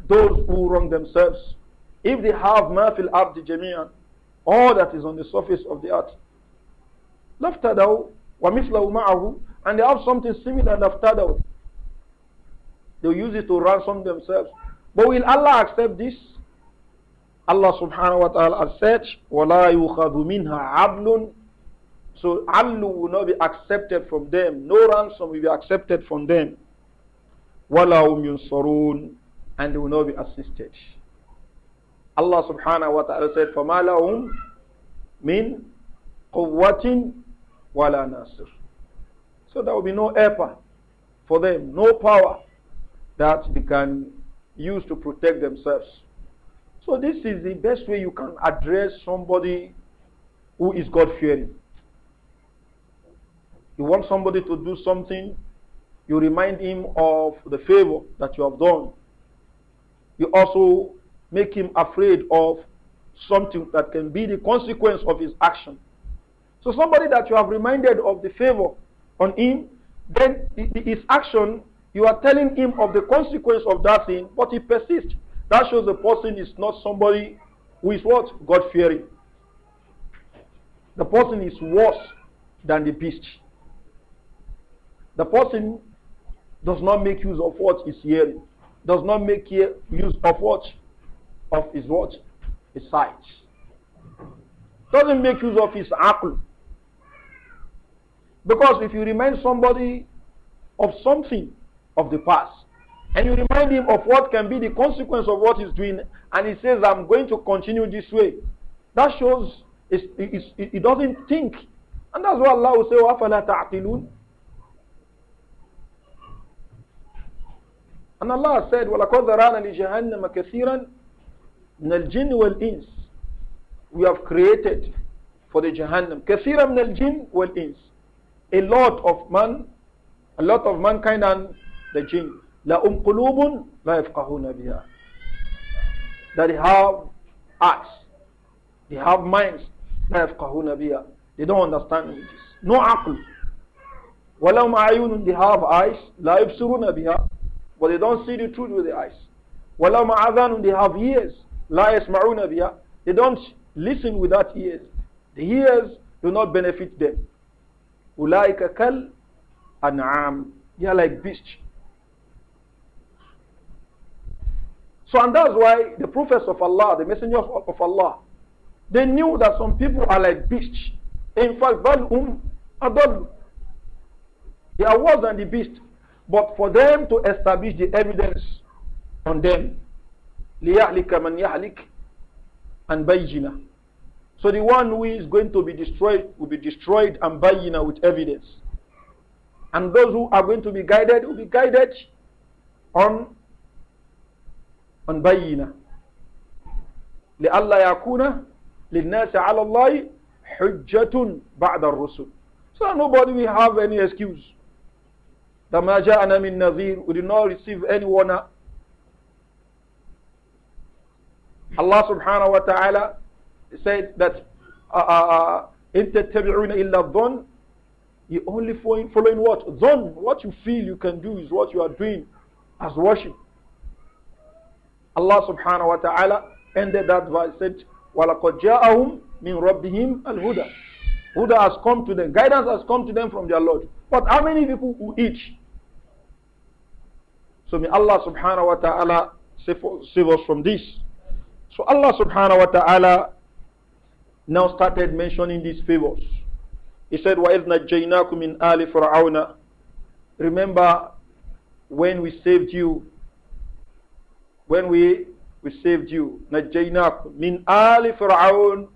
Those who wrong themselves, if they have مَا فِي الْأَرْضِ جَمِيعًا all that is on the surface of the earth. Laftadaw wa mithlahu ma'ahu and they have something similar laftadaw. They use it to ransom themselves. But will Allah accept this? Allah subhanahu wa ta'ala has said, وَلَا يُخَذُ مِنْهَا عَبْلٌ So Allu will not be accepted from them. No ransom will be accepted from them. وَلَا هُمْ يُنصَرُونَ And they will not be assisted. Allah subhanahu wa ta'ala said, فَمَا لَهُمْ مِنْ قُوَّةٍ وَلَا نَاصِرٍ So there will be no effort for them, no power that they can use to protect themselves. So this is the best way you can address somebody who is God-fearing. You want somebody to do something, you remind him of the favor that you have done. You also make him afraid of something that can be the consequence of his action. So somebody that you have reminded of the favor on him, then his action, you are telling him of the consequence of that thing, but he persists. That shows the person is not somebody who is what? God-fearing. The person is worse than the beast. The person does not make use of what is hearing, does not make use of what of his what? His sight. Doesn't make use of his apple. Because if you remind somebody of something of the past, and you remind him of what can be the consequence of what he's doing, and he says, I'm going to continue this way, that shows he doesn't think. And that's why Allah will say, وَأَفَلَا تَعْقِلُونَ And Allah said, وَلَقَدْ ذَرَانَ لِجَهَنَّمَ كَثِيرًا من الجن والإنس we have created for the Jahannam كثيرا من الجن والإنس a lot of man a lot of mankind and the jinn لهم قلوب لا يفقهون بها that they have eyes, they have minds لا يفقهون بها they don't understand this no عقل ولهم أعين they have eyes لا يبصرون بها but they don't see the truth with the eyes ولهم أذان they have ears they don't listen with that ears the ears do not benefit them أولئك and أنعام they are like beasts so and that's why the prophets of Allah the messengers of Allah they knew that some people are like beasts in fact they are worse than the beast but for them to establish the evidence on them لِيَعْلِكَ مَنْ يَعْلِكَ and بَيِّنَا So the one who is going to be destroyed will be destroyed and bayina with evidence. And those who are going to be guided will be guided on on bayina. لألا يكون للناس على الله حجة بعد الرسل. So nobody will have any excuse. The ما جاءنا من نذير. We did not receive any warner Allah subhanahu wa ta'ala said that uh, uh, uh, إِن تَتَّبِعُونَ إِلَّا الظَّنْ only following, following what? Zon. What you feel you can do is what you are doing as worship. Allah subhanahu wa ta'ala ended that verse said, وَلَقَدْ جَاءَهُمْ مِنْ رَبِّهِمْ الْهُدَى Huda has come to them. Guidance has come to them from their Lord. But how many people who eat? So may Allah subhanahu wa ta'ala save us from this. So Allah subhanahu wa ta'ala now started mentioning these favors. He said, وَإِذْ نَجَّيْنَاكُمْ مِنْ آلِ فِرْعَوْنَ Remember when we saved you, when we, we saved you, نَجَّيْنَاكُمْ مِنْ آلِ فِرْعَوْنَ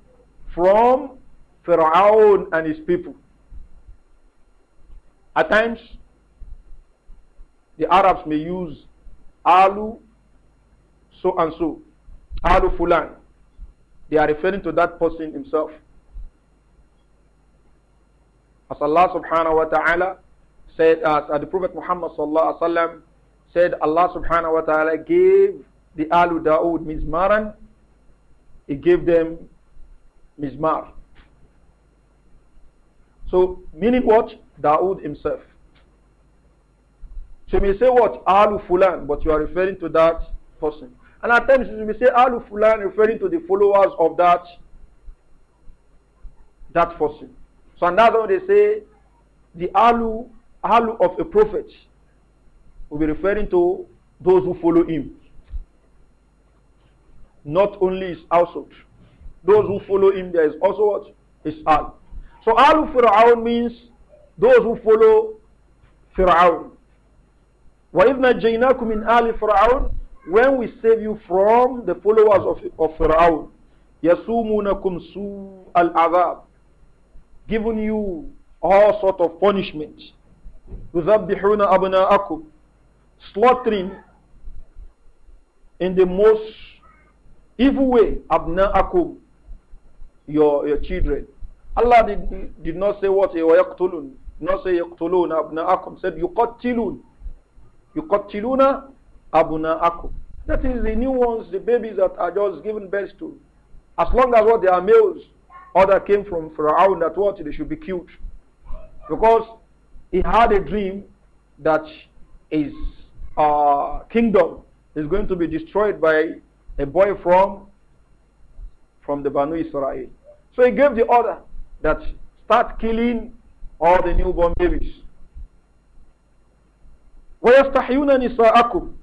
From Fir'aun and his people. At times, the Arabs may use alu, so and so. Alu Fulan. They are referring to that person himself. As Allah subhanahu wa ta'ala said, as the Prophet Muhammad sallallahu alaihi wasallam said, Allah subhanahu wa ta'ala gave the Alu Dawood Mizmaran, He gave them Mizmar. So, meaning what? Dawood himself. So you may say what? Alu Fulan, but you are referring to that person. And at times we say Alu Fulan referring to the followers of that that fossil. So another they say the Alu Alu of a prophet will be referring to those who follow him. Not only his household. Those who follow him, there is also what? His Al. So Alu Fir'aun means those who follow Fir'aun. وَإِذْ نَجَّيْنَاكُمْ مِنْ آلِ فِرْعَوْنَ when we save you from the followers of, of Fir'aun, يَسُومُونَكُمْ سُوءَ الْعَذَابِ Giving you all sort of punishment. يُذَبِّحُونَ أَبْنَاءَكُمْ Slaughtering in the most evil way, أَبْنَاءَكُمْ your, your children. Allah did, did not say what? he Did not say يَقْتُلُونَ أَبْنَاءَكُمْ Said يُقَتِّلُونَ يُقَتِّلُونَ abunaakum. That is the new ones, the babies that are just given birth to. As long as what they are males, or that came from Pharaoh, that what they should be killed. Because he had a dream that his uh, kingdom is going to be destroyed by a boy from from the Banu Israel. So he gave the order that start killing all the newborn babies. وَيَسْتَحْيُونَ نِسَاءَكُمْ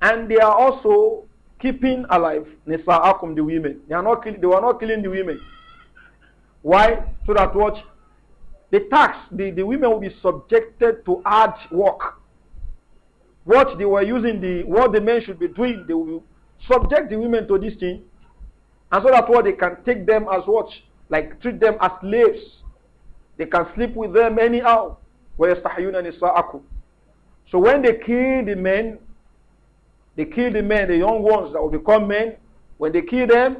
and they are also keeping alive nisa'akum, the women. They, are not kill, they were not killing the women. Why? So that what? The tax, the, the women will be subjected to hard work. What they were using, the what the men should be doing, they will subject the women to this thing. And so that what they can take them as what? Like treat them as slaves. They can sleep with them anyhow. So when they kill the men, they kill the men, the young ones that will become men. When they kill them,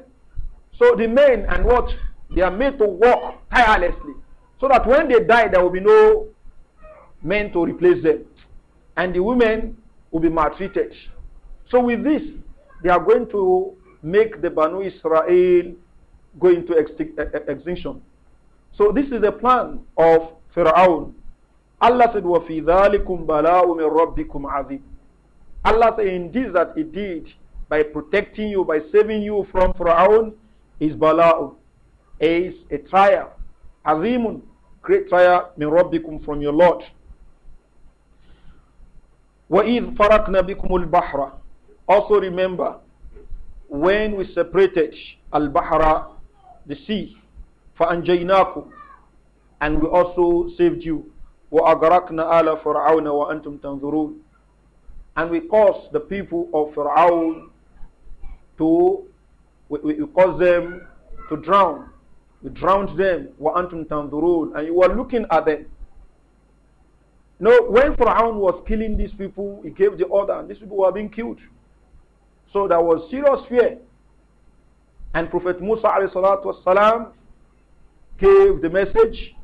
so the men and what? They are made to work tirelessly. So that when they die, there will be no men to replace them. And the women will be maltreated. So with this, they are going to make the Banu Israel go into extinction. So this is the plan of Pharaoh. Allah said, "Wa ذَلِكُمْ min مِنْ رَبِّكُمْ Allah saying this that he did by protecting you, by saving you from Pharaoh, is bala'u, is a trial. Azimun, great trial, min rabbikum from your Lord. وَإِذْ فَرَقْنَا بِكُمُ الْبَحْرَ Also remember, when we separated al-bahra, the sea, فَأَنْجَيْنَاكُمْ And we also saved you. وَأَغْرَقْنَا آلَ فَرْعَوْنَ وَأَنْتُمْ تَنْظُرُونَ and we cause the people of Fir'aun to, we, we, cause them to drown. We drowned them, وَأَنْتُمْ تَنْظُرُونَ And you were looking at them. No, when Fir'aun was killing these people, he gave the order, and these people were being killed. So there was serious fear. And Prophet Musa والسلام, gave the message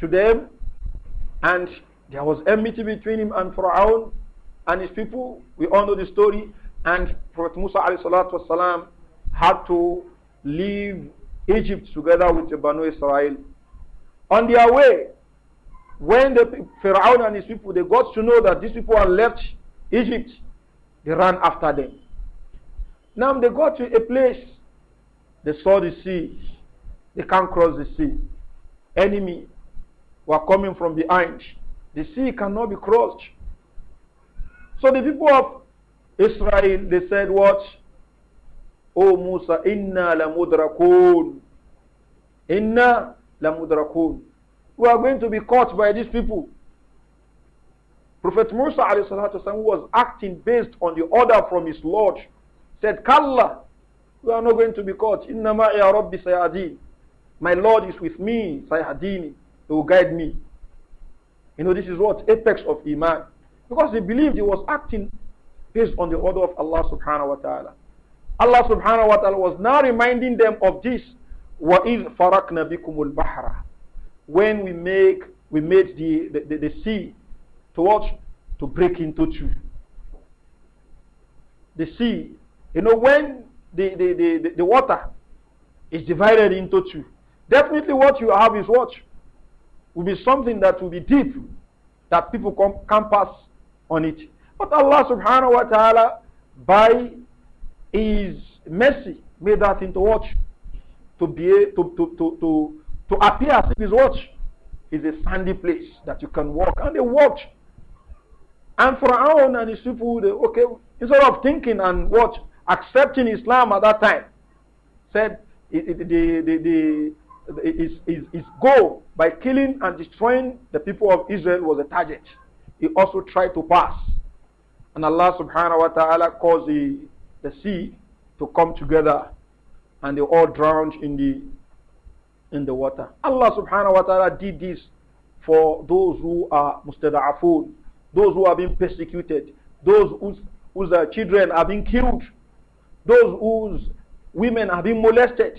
to them, and there was enmity between him and Fir'aun and his people, we all know the story, and Prophet Musa والسلام, had to leave Egypt together with the Banu Israel. On their way, when the Pharaoh and his people they got to know that these people had left Egypt, they ran after them. Now they got to a place, they saw the sea, they can't cross the sea. Enemy were coming from behind. The sea cannot be crossed. So the people of Israel, they said, What? O Musa, inna la Inna la We are going to be caught by these people. Prophet Musa والسلام, was acting based on the order from his Lord. Said, Kalla, we are not going to be caught. Inna ma ya Rabbi My Lord is with me, sayadini. He will guide me. You know, this is what? Apex of Iman. Because they believed he was acting based on the order of Allah subhanahu wa ta'ala. Allah subhanahu wa ta'ala was now reminding them of this. وَإِذْ فَرَقْنَا بِكُمُ الْبَحْرَ When we make we made the, the, the, the sea to watch to break into two. The sea, you know, when the, the, the, the, the water is divided into two, definitely what you have is what? Will be something that will be deep that people come, can pass on it. But Allah subhanahu wa ta'ala, by His mercy, made that into watch To be to, to, to, to, to appear as if watch is a sandy place that you can walk. And they watch And for our own and his people, they, okay, instead of thinking and watch Accepting Islam at that time, said it, it, the, the, the his, his, his goal by killing and destroying the people of Israel was a target he also tried to pass. And Allah subhanahu wa ta'ala caused the, the sea to come together and they all drowned in the in the water. Allah subhanahu wa ta'ala did this for those who are mustada'afun, those who are being persecuted, those whose, whose uh, children are being killed, those whose women are being molested.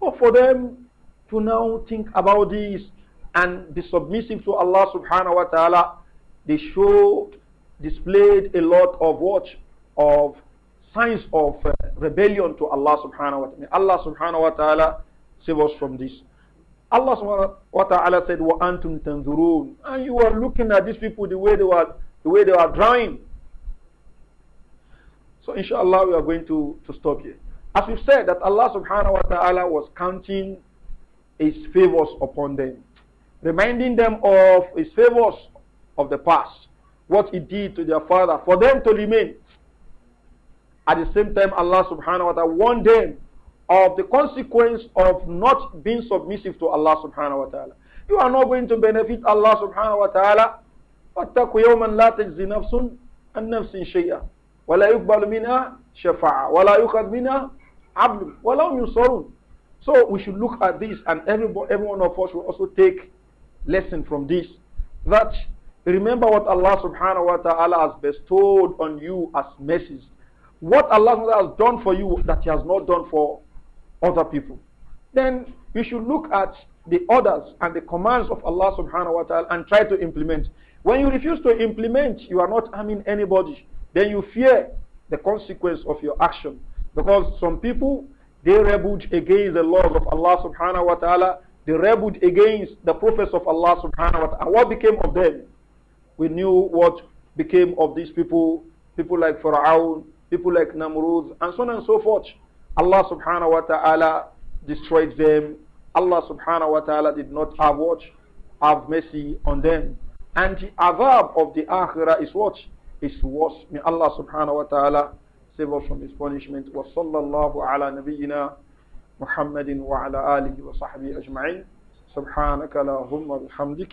But for them to now think about this and be submissive to Allah subhanahu wa ta'ala they showed, displayed a lot of what of signs of uh, rebellion to Allah subhanahu wa ta'ala. Allah subhanahu wa ta'ala save us from this. Allah subhanahu wa ta'ala said, Wa antum tanzurun. And you were looking at these people the way they were the way they were drawing. So inshallah we are going to, to stop here. As we've said that Allah subhanahu wa ta'ala was counting his favors upon them, reminding them of his favors of the past, what he did to their father, for them to remain. At the same time, Allah subhanahu wa ta'ala warned them of the consequence of not being submissive to Allah subhanahu wa ta'ala. You are not going to benefit Allah subhanahu wa ta'ala. واتقوا يوما لا تجزي نفس عن نفس شيئا ولا يقبل منها شفاعة ولا يؤخذ منها عبد ولا هم ينصرون So we should look at this and every, every one of us will also take lesson from this. That Remember what Allah subhanahu wa ta'ala has bestowed on you as mercies. What Allah has done for you that He has not done for other people. Then you should look at the orders and the commands of Allah subhanahu wa ta'ala and try to implement. When you refuse to implement, you are not harming anybody. Then you fear the consequence of your action. Because some people, they rebelled against the laws of Allah subhanahu wa ta'ala. They rebelled against the prophets of Allah subhanahu wa ta'ala. What became of them? We knew what became of these people, people like Pharaoh, people like Namrud, and so on and so forth. Allah subhanahu wa ta'ala destroyed them. Allah subhanahu wa ta'ala did not have what? Have mercy on them. And the azab of the akhirah is what? Is worse. May Allah subhanahu wa ta'ala save us from his punishment. Wa sallallahu ala nabiyyina Muhammadin wa ala alihi wa sahbihi ajma'in. سبحانك اللهم وبحمدك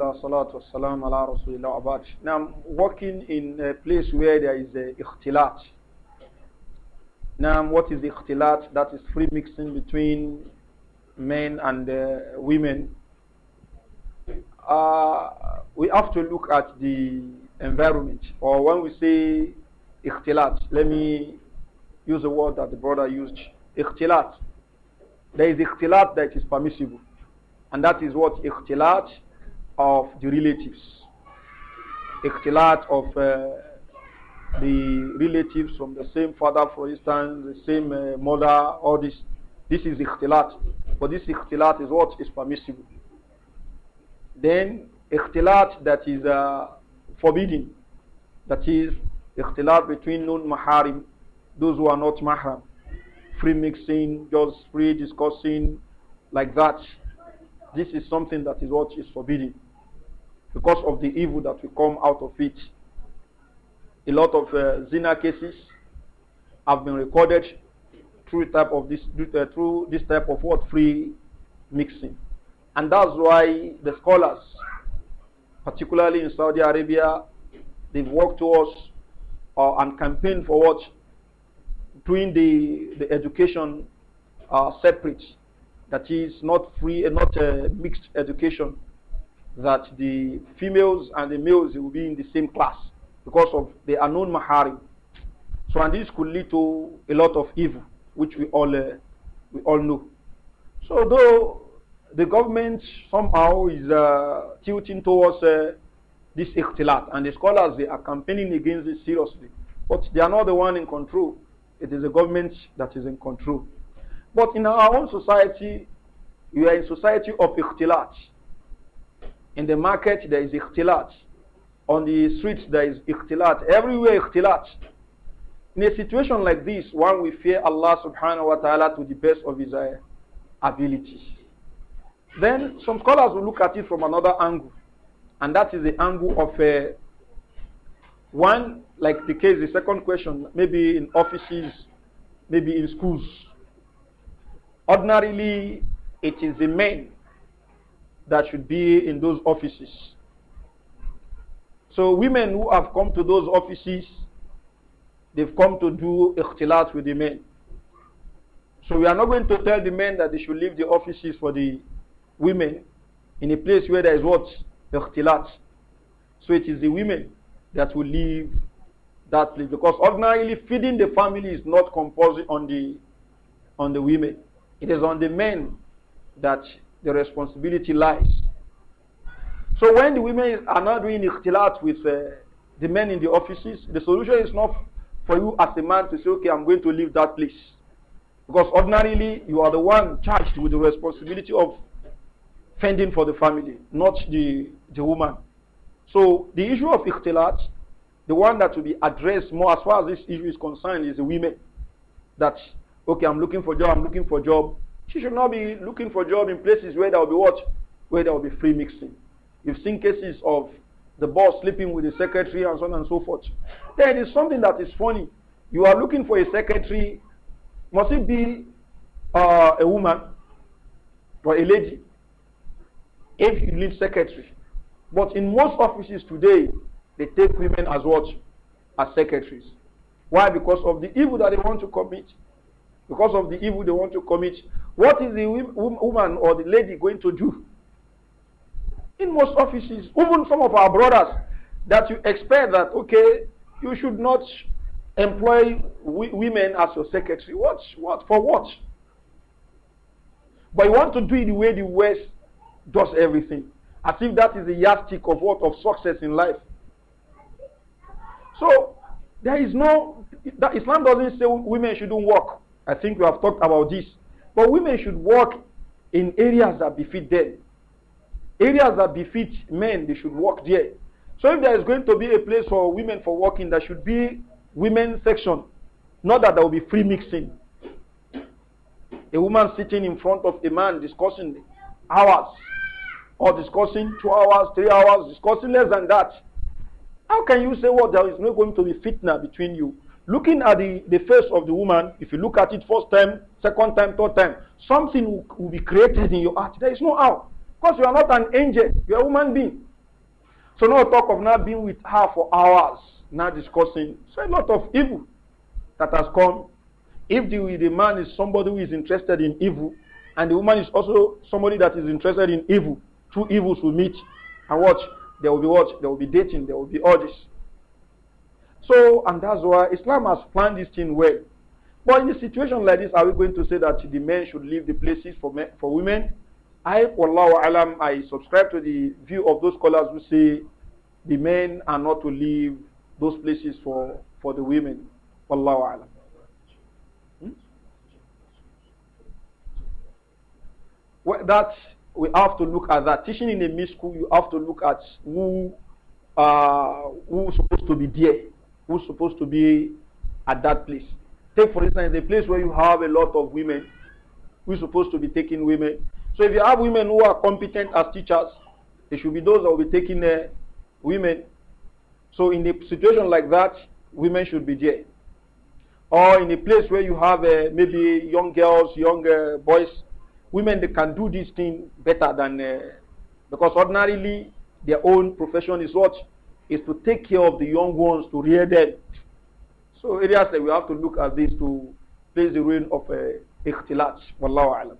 Alhamdulillah, salatu wassalam ala rasulillah abad. Now, I'm working in a place where there is a ikhtilat. Now, what is ikhtilat? That is free mixing between men and uh, women. Uh, we have to look at the environment. Or when we say ikhtilat, let me use a word that the brother used, ikhtilat. There is ikhtilat that is permissible. And that is what ikhtilat of the relatives. Ikhtilat of uh, the relatives from the same father, for instance, the same uh, mother, all this. This is ikhtilat. But this ikhtilat is what is permissible. Then ikhtilat that is uh, forbidden, that is ikhtilat between non-maharim, those who are not mahram. Free mixing, just free discussing, like that. This is something that is what is forbidden because of the evil that will come out of it. A lot of uh, zina cases have been recorded through type of this uh, through this type of what free mixing, and that's why the scholars, particularly in Saudi Arabia, they've worked towards uh, and campaigned for what doing the the education uh, separate, that is not free and not uh, mixed education that the females and the males will be in the same class because of the unknown Mahari, So and this could lead to a lot of evil, which we all uh, we all know. So though the government somehow is uh, tilting towards uh, this ikhtilat, and the scholars they are campaigning against it seriously, but they are not the one in control. It is the government that is in control. But in our own society, we are in society of ikhtilat. In the market, there is ikhtilat. On the streets, there is ikhtilat. Everywhere, ikhtilat. In a situation like this, one will fear Allah subhanahu wa ta'ala to the best of his uh, ability. Then some scholars will look at it from another angle. And that is the angle of uh, one, like the case, the second question, maybe in offices, maybe in schools. Ordinarily, it is the men that should be in those offices. So women who have come to those offices, they've come to do ikhtilat with the men. So we are not going to tell the men that they should leave the offices for the women in a place where there is what? Ikhtilat. So it is the women that will leave that place because ordinarily feeding the family is not composed on the on the women. It is on the men that the responsibility lies. So when the women are not doing ikhtilat with uh, the men in the offices, the solution is not for you as a man to say, okay, I'm going to leave that place. Because ordinarily, you are the one charged with the responsibility of fending for the family, not the, the woman. So the issue of ikhtilat, the one that will be addressed more as far as this issue is concerned is the women. That, okay, I'm looking for job, I'm looking for job. She should not be looking for job in places where there will be what? Where there will be free mixing. You've seen cases of the boss sleeping with the secretary and so on and so forth. There is something that is funny. You are looking for a secretary. Must it be uh, a woman or a lady? If you need secretary. But in most offices today, they take women as what? As secretaries. Why? Because of the evil that they want to commit. Because of the evil they want to commit. What is the woman or the lady going to do? In most offices, even some of our brothers, that you expect that, okay, you should not employ women as your secretary. What? What? For what? But you want to do it the way the West does everything. As if that is the yardstick of what? Of success in life. So, there is no, Islam doesn't say women shouldn't work. I think we have talked about this. But women should work in areas that befit them. Areas that befit men, they should work there. So if there is going to be a place for women for working, there should be women section. Not that there will be free mixing. A woman sitting in front of a man discussing hours or discussing two hours, three hours, discussing less than that. How can you say, well, there is no going to be fitna between you? looking at the, the face of the woman, if you look at it first time, second time, third time, something will, will be created in your heart. There is no how. Because you are not an angel, you are a human being. So no talk of not being with her for hours, not discussing. So a lot of evil that has come. If the, the man is somebody who is interested in evil, and the woman is also somebody that is interested in evil, two evils will meet and watch. There will be watch, there will be dating, there will be all this. So, and that's why Islam has planned this thing well. But in a situation like this, are we going to say that the men should leave the places for, men, for women? I, Allah Alam, I subscribe to the view of those scholars who say the men are not to leave those places for, for the women. Allah Alam. Hmm? Well, that we have to look at that. Teaching in a mid school, you have to look at who uh, who's supposed to be there who's supposed to be at that place. Take, for instance, the place where you have a lot of women, who's supposed to be taking women. So if you have women who are competent as teachers, they should be those that will be taking uh, women. So in a situation like that, women should be there. Or in a place where you have uh, maybe young girls, young uh, boys, women they can do this thing better than uh, because ordinarily their own profession is what is to take care of the young ones, to rear them. So areas that we have to look at this to place the ruin of a uh, ikhtilat. Wallahu alam.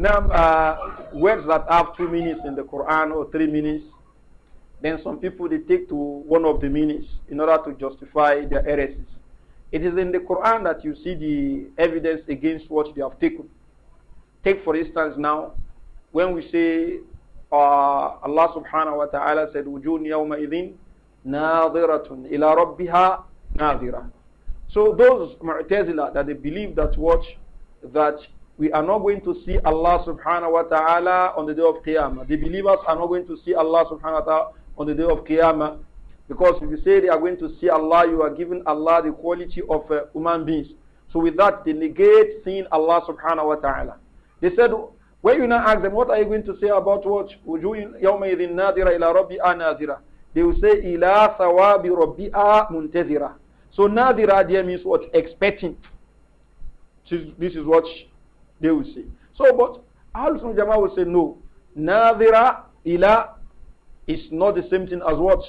Now, uh, words that have two minutes in the Quran or three minutes, then some people they take to one of the minutes in order to justify their heresies. It is in the Quran that you see the evidence against what they have taken. Take for instance now, when we say uh, Allah subhanahu wa ta'ala said, وُجُونِ يَوْمَئِذٍ نَاظِرَةٌ إِلَىٰ رَبِّهَا نَاظِرَةٌ So those Mu'tazila that they believe that what that we are not going to see Allah subhanahu wa ta'ala on the day of Qiyamah. The believers are not going to see Allah subhanahu wa ta'ala on the day of Qiyamah. Because if you say they are going to see Allah, you are giving Allah the quality of uh, human beings. So with that, they negate seeing Allah subhanahu wa ta'ala. They said, when you now ask them, what are you going to say about what? يَوْمَئِذٍ نَادِرَ إِلَى رَبِّهَا نَازِرَةً They will say, إِلَى ثَوَابِ رَبِّهَا مُنْتَذِرَةً So nadira there means what? Expecting. This is what they will say. So, but Ahlul Jama will say no. Nadira ila is not the same thing as what?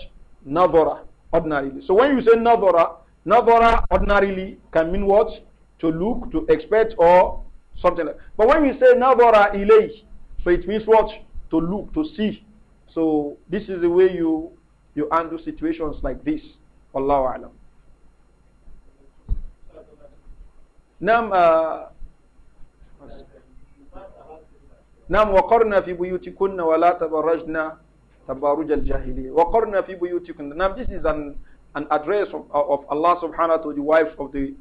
Nadhara, ordinarily. So when you say Nadhara, Nadhara ordinarily can mean what? To look, to expect, or something like that. But when you say Nadhara ilay, so it means what? To look, to see. So this is the way you you handle situations like this. Allahu Alam. Now, uh, نعم وقرنا في بيوتكن ولا تبرجنا تبارج الجاهلية وقرنا في بيوتكن Now this is an, an address of, uh, of Allah subhanahu to the wives of the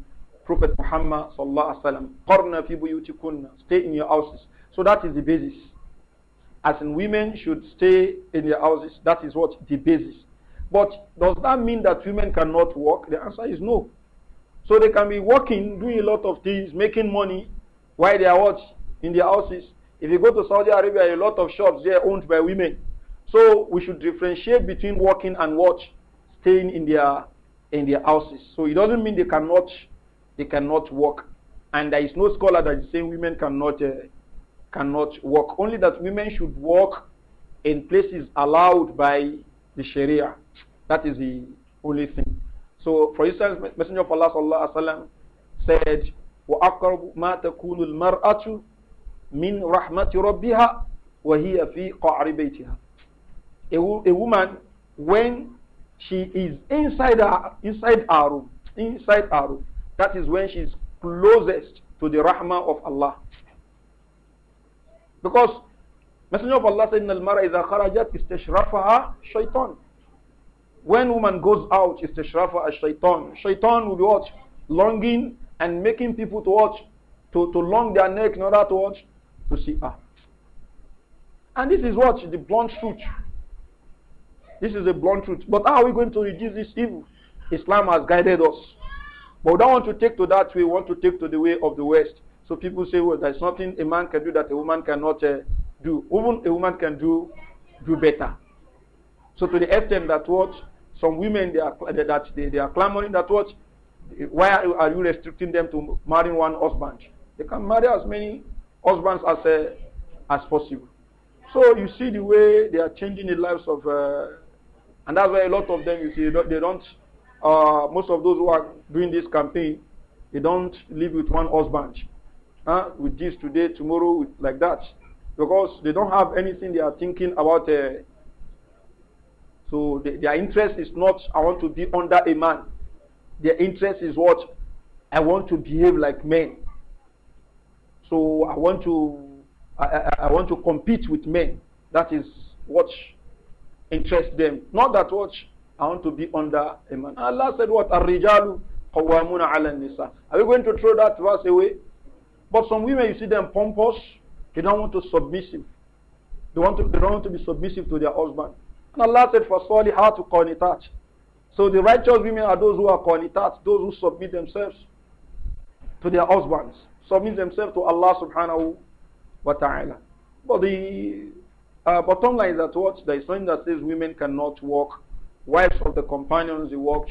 Prophet Muhammad sallallahu alaihi wasallam. Qarna fi buyutikunna. Stay in your houses. So that is the basis. As in women should stay in their houses. That is what the basis. But does that mean that women cannot work? The answer is no. So they can be working, doing a lot of things, making money, why they are what? In their houses. If you go to Saudi Arabia, a lot of shops there owned by women. So we should differentiate between working and watch, staying in their in their houses. So it doesn't mean they cannot they cannot work. And there is no scholar that is saying women cannot uh, cannot work. Only that women should work in places allowed by the Sharia. That is the only thing. So, for instance, Messenger of Allah said, وأقرب ما تكون المرأة من رحمة ربها وهي في قعر بيتها a, a woman when she is inside her inside her room inside her room that is when she is closest to the rahmah of Allah because Messenger of Allah said إن المرأة إذا خرجت استشرفها شيطان when woman goes out استشرفها الشيطان shaitan will be what longing and making people to watch, to, to long their neck in order to watch, to see her. Ah. And this is what? The blunt truth. This is a blunt truth. But how are we going to reduce this evil? Islam has guided us. But we don't want to take to that way, we want to take to the way of the West. So people say, well, there's nothing a man can do that a woman cannot uh, do. Even a woman can do, do better. So to the extent that what some women they are that they, they are clamoring that what why are you restricting them to marrying one husband? They can marry as many husbands as, uh, as possible. So you see the way they are changing the lives of, uh, and that's why a lot of them, you see, they don't, uh, most of those who are doing this campaign, they don't live with one husband. Huh? With this today, tomorrow, with, like that. Because they don't have anything they are thinking about. Uh, so their interest is not, I want to be under a man. Their interest is what? I want to behave like men. So I want to, I, I, I want to compete with men. That is what interests them. Not that what I want to be under a man. Allah said what? Are we going to throw that verse away? But some women, you see them pompous. They don't want to submissive. They want to, they don't want to be submissive to their husband. And Allah said, "For "Fasali how to call it so the righteous women are those who are qanitat, those who submit themselves to their husbands, submit themselves to Allah subhanahu wa ta'ala. But the uh, bottom line is that what? There is something that says women cannot walk. Wives of the companions they walked.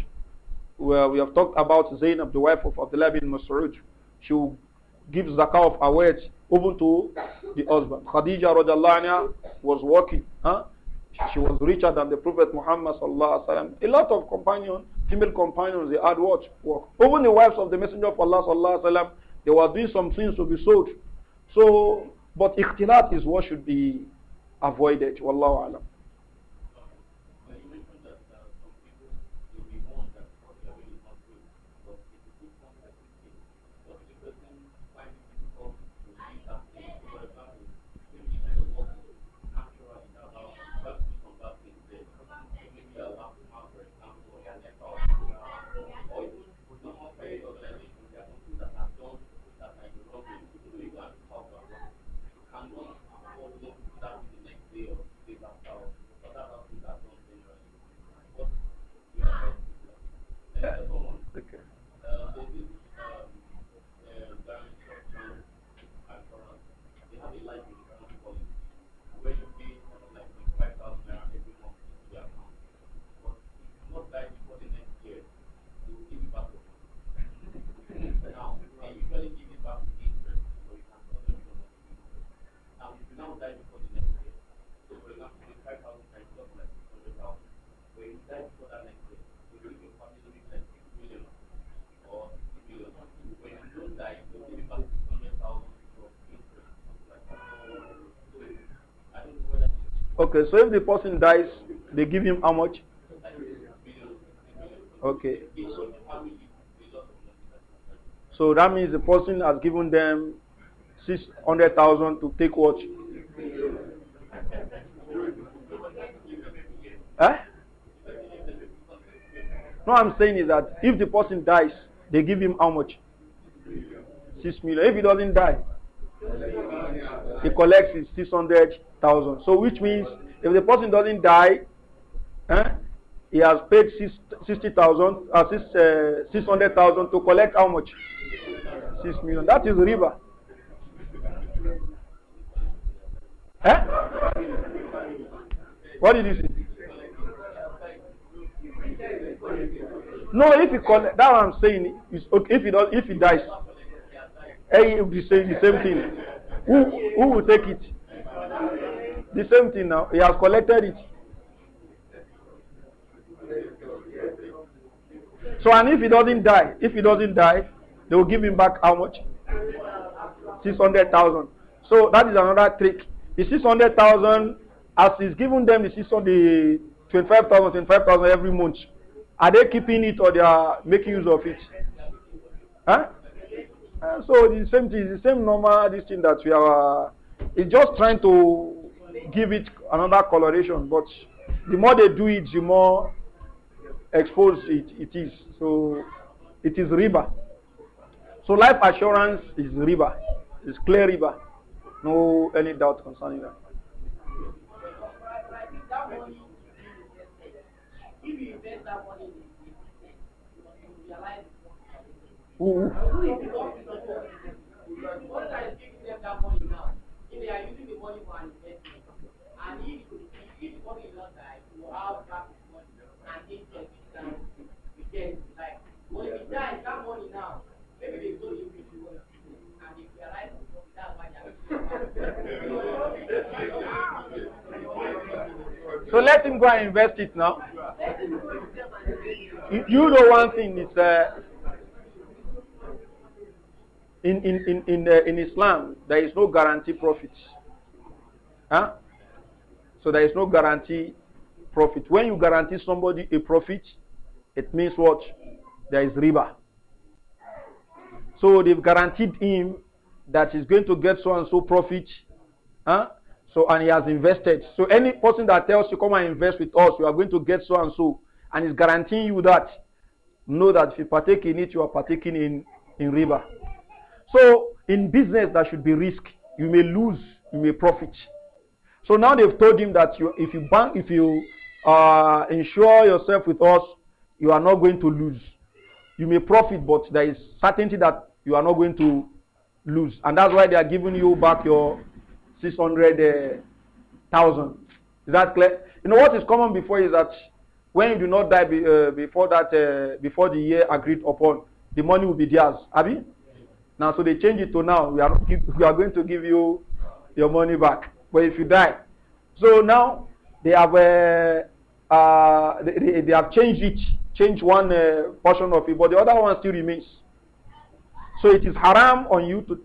Well, we have talked about Zainab, the wife of Abdullah bin Mas'ud. She gives zakah of her wealth open to the husband. Khadija radiallahu anha was walking. Huh? She was richer than the Prophet Muhammad sallallahu alaihi wasallam. A lot of companions, female companions, they had watch work. Even the wives of the Messenger of Allah sallallahu alaihi wasallam, they were doing some things to be sold. So, but ikhtilat is what should be avoided. Wallahu alam. So if the person dies, they give him how much? Okay. So that means the person has given them 600,000 to take watch. eh? No, I'm saying is that if the person dies, they give him how much? 6 million. If he doesn't die, he collects his 600,000. So which means if the person doesn't die, eh, he has paid 60,000, uh, 600,000 uh, to collect how much? 6 million. That is river. Eh? What did you say? No, if he collect, that what I'm saying is okay, if he does, if he dies, eh, he will be saying the same thing. Who who will take it? The same thing now. He has collected it. So, and if he doesn't die, if he doesn't die, they will give him back how much? 600,000. So that is another trick. The 600,000, as he's giving them the, 600, the 25,000, 25,000 every month, are they keeping it or they are making use of it? Huh? Uh, so the same thing, the same normal, this thing that we are, uh, it's just trying to give it another coloration, but the more they do it, the more exposed it, it is. So it is river. So life assurance is river, It's clear river. No any doubt concerning that. Ooh. What are giving them that money now? If they are using the money for and if, if what is not like, you have money. And if can like, that money now, maybe they told you if you want to and So let him go and invest it now. You know one thing is uh, in in in in, uh, in Islam there is no guarantee profit. Huh? So there is no guarantee profit. When you guarantee somebody a profit, it means what? There is riba. So they've guaranteed him that he's going to get so and so profit. Huh? So and he has invested. So any person that tells you come and invest with us, you are going to get so and so, and is guaranteeing you that, know that if you partake in it, you are partaking in in riba. So in business, there should be risk. You may lose, you may profit. So now they've told him that you, if you bank, if you uh, insure yourself with us, you are not going to lose. You may profit, but there is certainty that you are not going to lose, and that's why they are giving you back your six hundred uh, thousand. Is that clear? You know what is common before is that when you do not die be, uh, before that uh, before the year agreed upon, the money will be theirs. Abi? Now, so they change it to now. We are, we are going to give you your money back. But if you die, so now they have uh, uh, they, they have changed it, changed one uh, portion of it, but the other one still remains. So it is haram on you to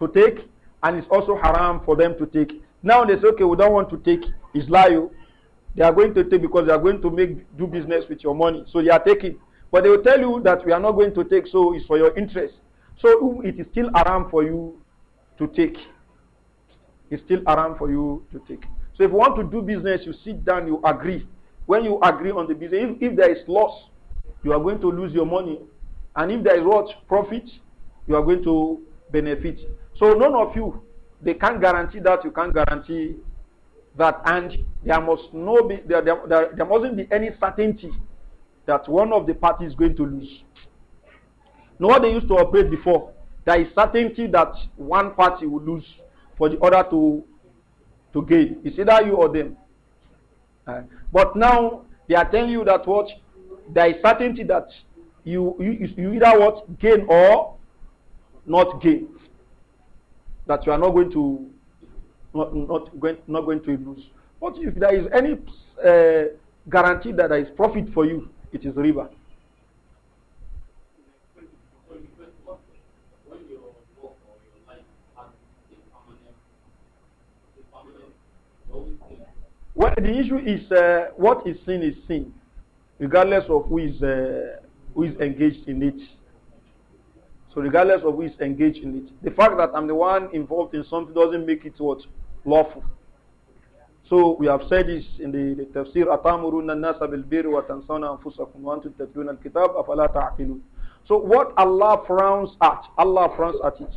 to take, and it's also haram for them to take. Now they say, okay, we don't want to take. It's you. Oh. They are going to take because they are going to make do business with your money, so they are taking. But they will tell you that we are not going to take, so it's for your interest. So it is still haram for you to take. it's still around for you to take. So if you want to do business, you sit down, you agree. When you agree on the business, if, if there is loss, you are going to lose your money. And if there is what? Profit, you are going to benefit. So none of you, they can't guarantee that, you can't guarantee that. And there must no be there, there, there, there mustn't be any certainty that one of the parties is going to lose. Know what they used to operate before? There is certainty that one party will lose for the other to to gain. It's either you or them. Right. But now they are telling you that what there is certainty that you you, you either what gain or not gain. That you are not going to not, not going not going to lose. But if there is any uh, guarantee that there is profit for you, it is river. Well, the issue is uh, what is seen is seen, regardless of who is, uh, who is engaged in it. So regardless of who is engaged in it, the fact that I'm the one involved in something doesn't make it what lawful. So we have said this in the, the tafsir atamuruna nasa bil birri wa tansawna anfusakum wa antum al-kitab afala ta'qilun. So what Allah frowns at, Allah frowns at it.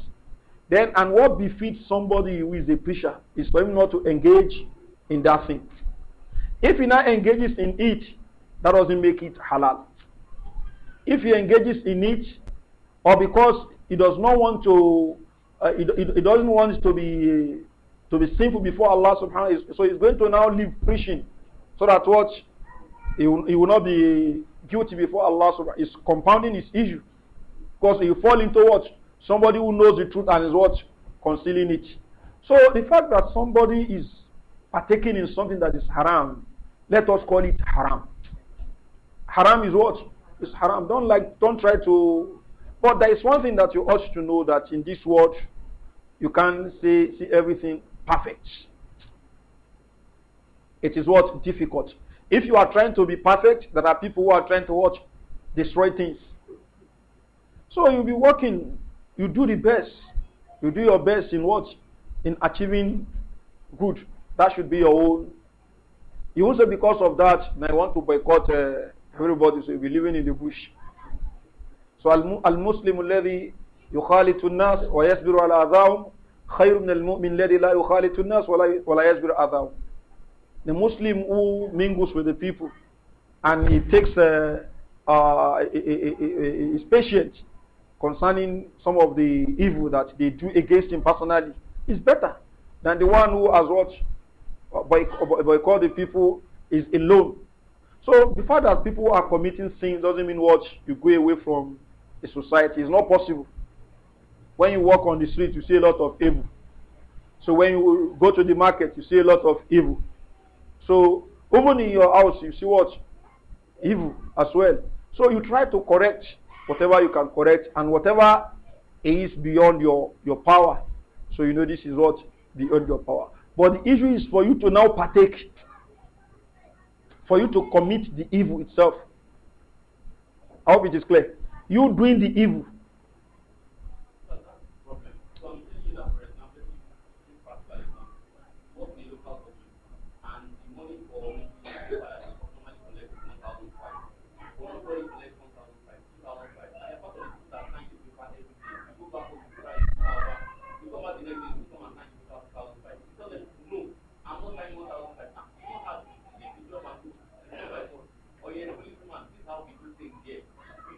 Then and what befits somebody who is a preacher is for him not to engage in that thing. If he now engages in it, that doesn't make it halal. If he engages in it, or because he does not want to, uh, he, he, he, doesn't want to be to be sinful before Allah Subhanahu. Wa So he's going to now leave preaching, so that what he will, he will not be guilty before Allah Subhanahu. Wa He's compounding his issue, because he fall into what somebody who knows the truth and is what concealing it. So the fact that somebody is partaking in something that is haram let us call it haram. Haram is what? It's haram. Don't like, don't try to. But there is one thing that you ought to know that in this world, you can't see see everything perfect. It is what difficult. If you are trying to be perfect, there are people who are trying to what destroy things. So you'll be working. You do the best. You do your best in what in achieving good. That should be your own he won't say because of that, I want to boycott uh, everybody, so you'll be living in the bush. So al-Muslim الذي يخالط الناس ويصبر على أذاهم خير من المؤمن الذي لا يخالط الناس ولا ولا يصبر أذاهم. The Muslim who mingles with the people and he takes his uh, patience uh, patient concerning some of the evil that they do against him personally is better than the one who has watched boycott the people is alone. So the fact that people are committing sin doesn't mean what you go away from a society. It's not possible. When you walk on the street, you see a lot of evil. So when you go to the market, you see a lot of evil. So even in your house, you see what? Evil as well. So you try to correct whatever you can correct and whatever is beyond your, your power. So you know this is what beyond your power. But the issue is for you to now partake, for you to commit the evil itself. I hope it is clear. You doing the evil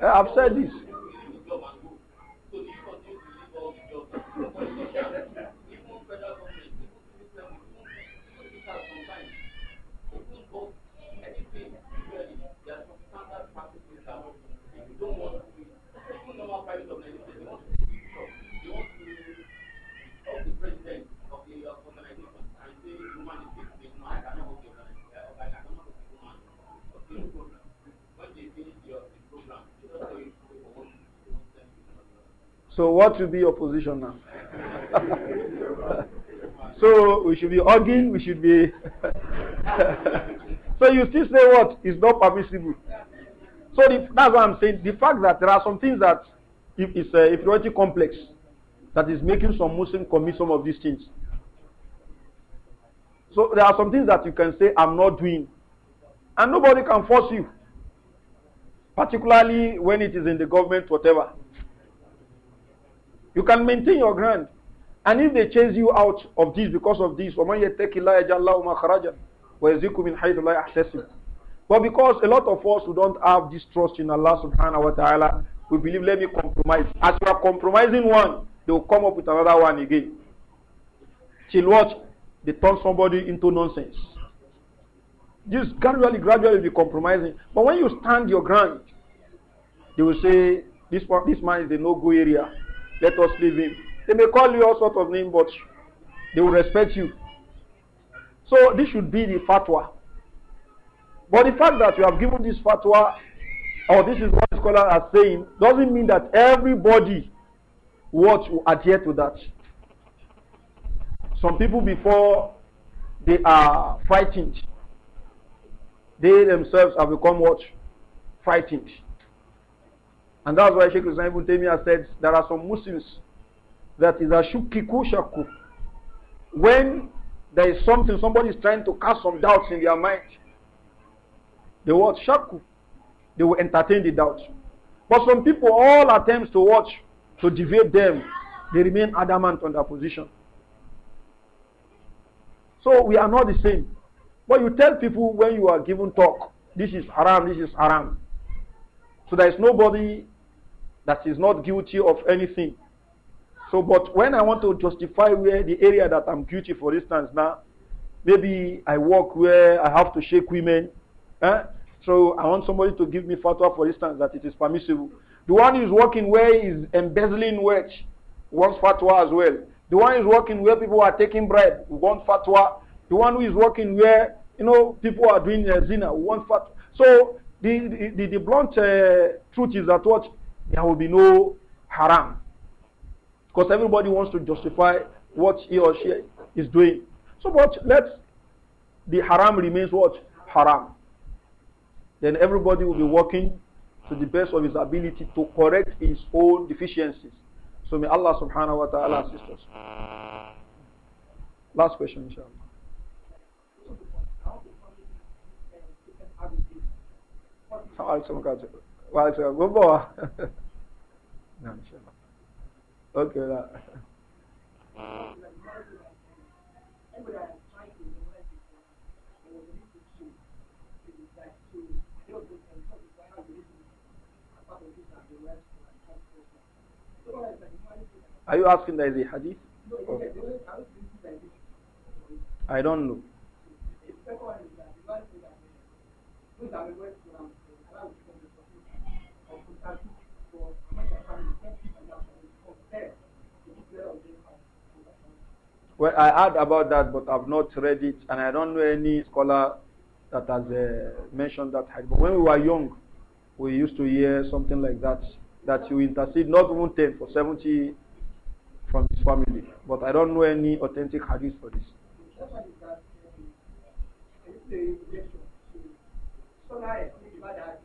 I've said this. So what will be your position now? so we should be arguing. we should be... so you still say what is not permissible. So the, that's what I'm saying. The fact that there are some things that if it's a inferiority complex that is making some Muslims commit some of these things. So there are some things that you can say, I'm not doing. And nobody can force you. Particularly when it is in the government, whatever. You can maintain your ground. And if they chase you out of this because of this, well, But because a lot of us who don't have this trust in Allah subhanahu wa ta'ala, we believe let me compromise. As you are compromising one, they will come up with another one again. Till what? They turn somebody into nonsense. This gradually, gradually be compromising. But when you stand your ground, they will say, this, this man is a no-go area let us leave him. They may call you all sorts of names, but they will respect you. So this should be the fatwa. But the fact that you have given this fatwa, or this is what scholars are saying, doesn't mean that everybody what will adhere to that. Some people before they are frightened, they themselves have become what? Frightened. And that's why Sheikh Islam Ibn Taymiyyah said there are some Muslims that is a shukiku shaku. When there is something, somebody is trying to cast some doubts in their mind, The word shaku. They will entertain the doubt. But some people, all attempts to watch, to deviate them, they remain adamant on their position. So we are not the same. But you tell people when you are given talk, this is haram, this is haram. So there is nobody that is not guilty of anything. So, but when I want to justify where the area that I'm guilty, for instance, now, maybe I work where I have to shake women. Eh? So I want somebody to give me fatwa, for instance, that it is permissible. The one who is working where is embezzling wealth wants fatwa as well. The one who is working where people are taking bread, wants fatwa. The one who is working where you know people are doing uh, zina wants fatwa. So the the, the, the blunt uh, truth is that what there will be no haram. Because everybody wants to justify what he or she is doing. So but let the haram remains what? Haram. Then everybody will be working to the best of his ability to correct his own deficiencies. So may Allah subhanahu wa ta'ala assist us. Last question, inshallah. How Okay, Are you asking that is a hadith? I don't know. Well, I heard about that, but I've not read it, and I don't know any scholar that has uh, mentioned that hadith. But when we were young, we used to hear something like that, that you intercede not even ten for 70 from his family. But I don't know any authentic hadith for this. Uh, that, um,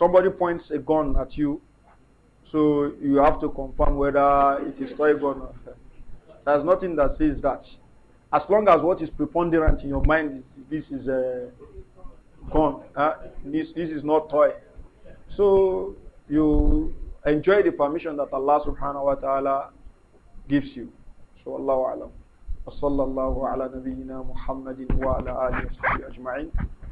somebody points a gun at you, so you have to confirm whether it is toy gun or There's nothing that says that. As long as what is preponderant in your mind is this is a gun, uh, this, this is not toy. So you enjoy the permission that Allah subhanahu wa ta'ala gives you. So Allah alam. وصلى الله على نبينا محمد وعلى آله وصحبه أجمعين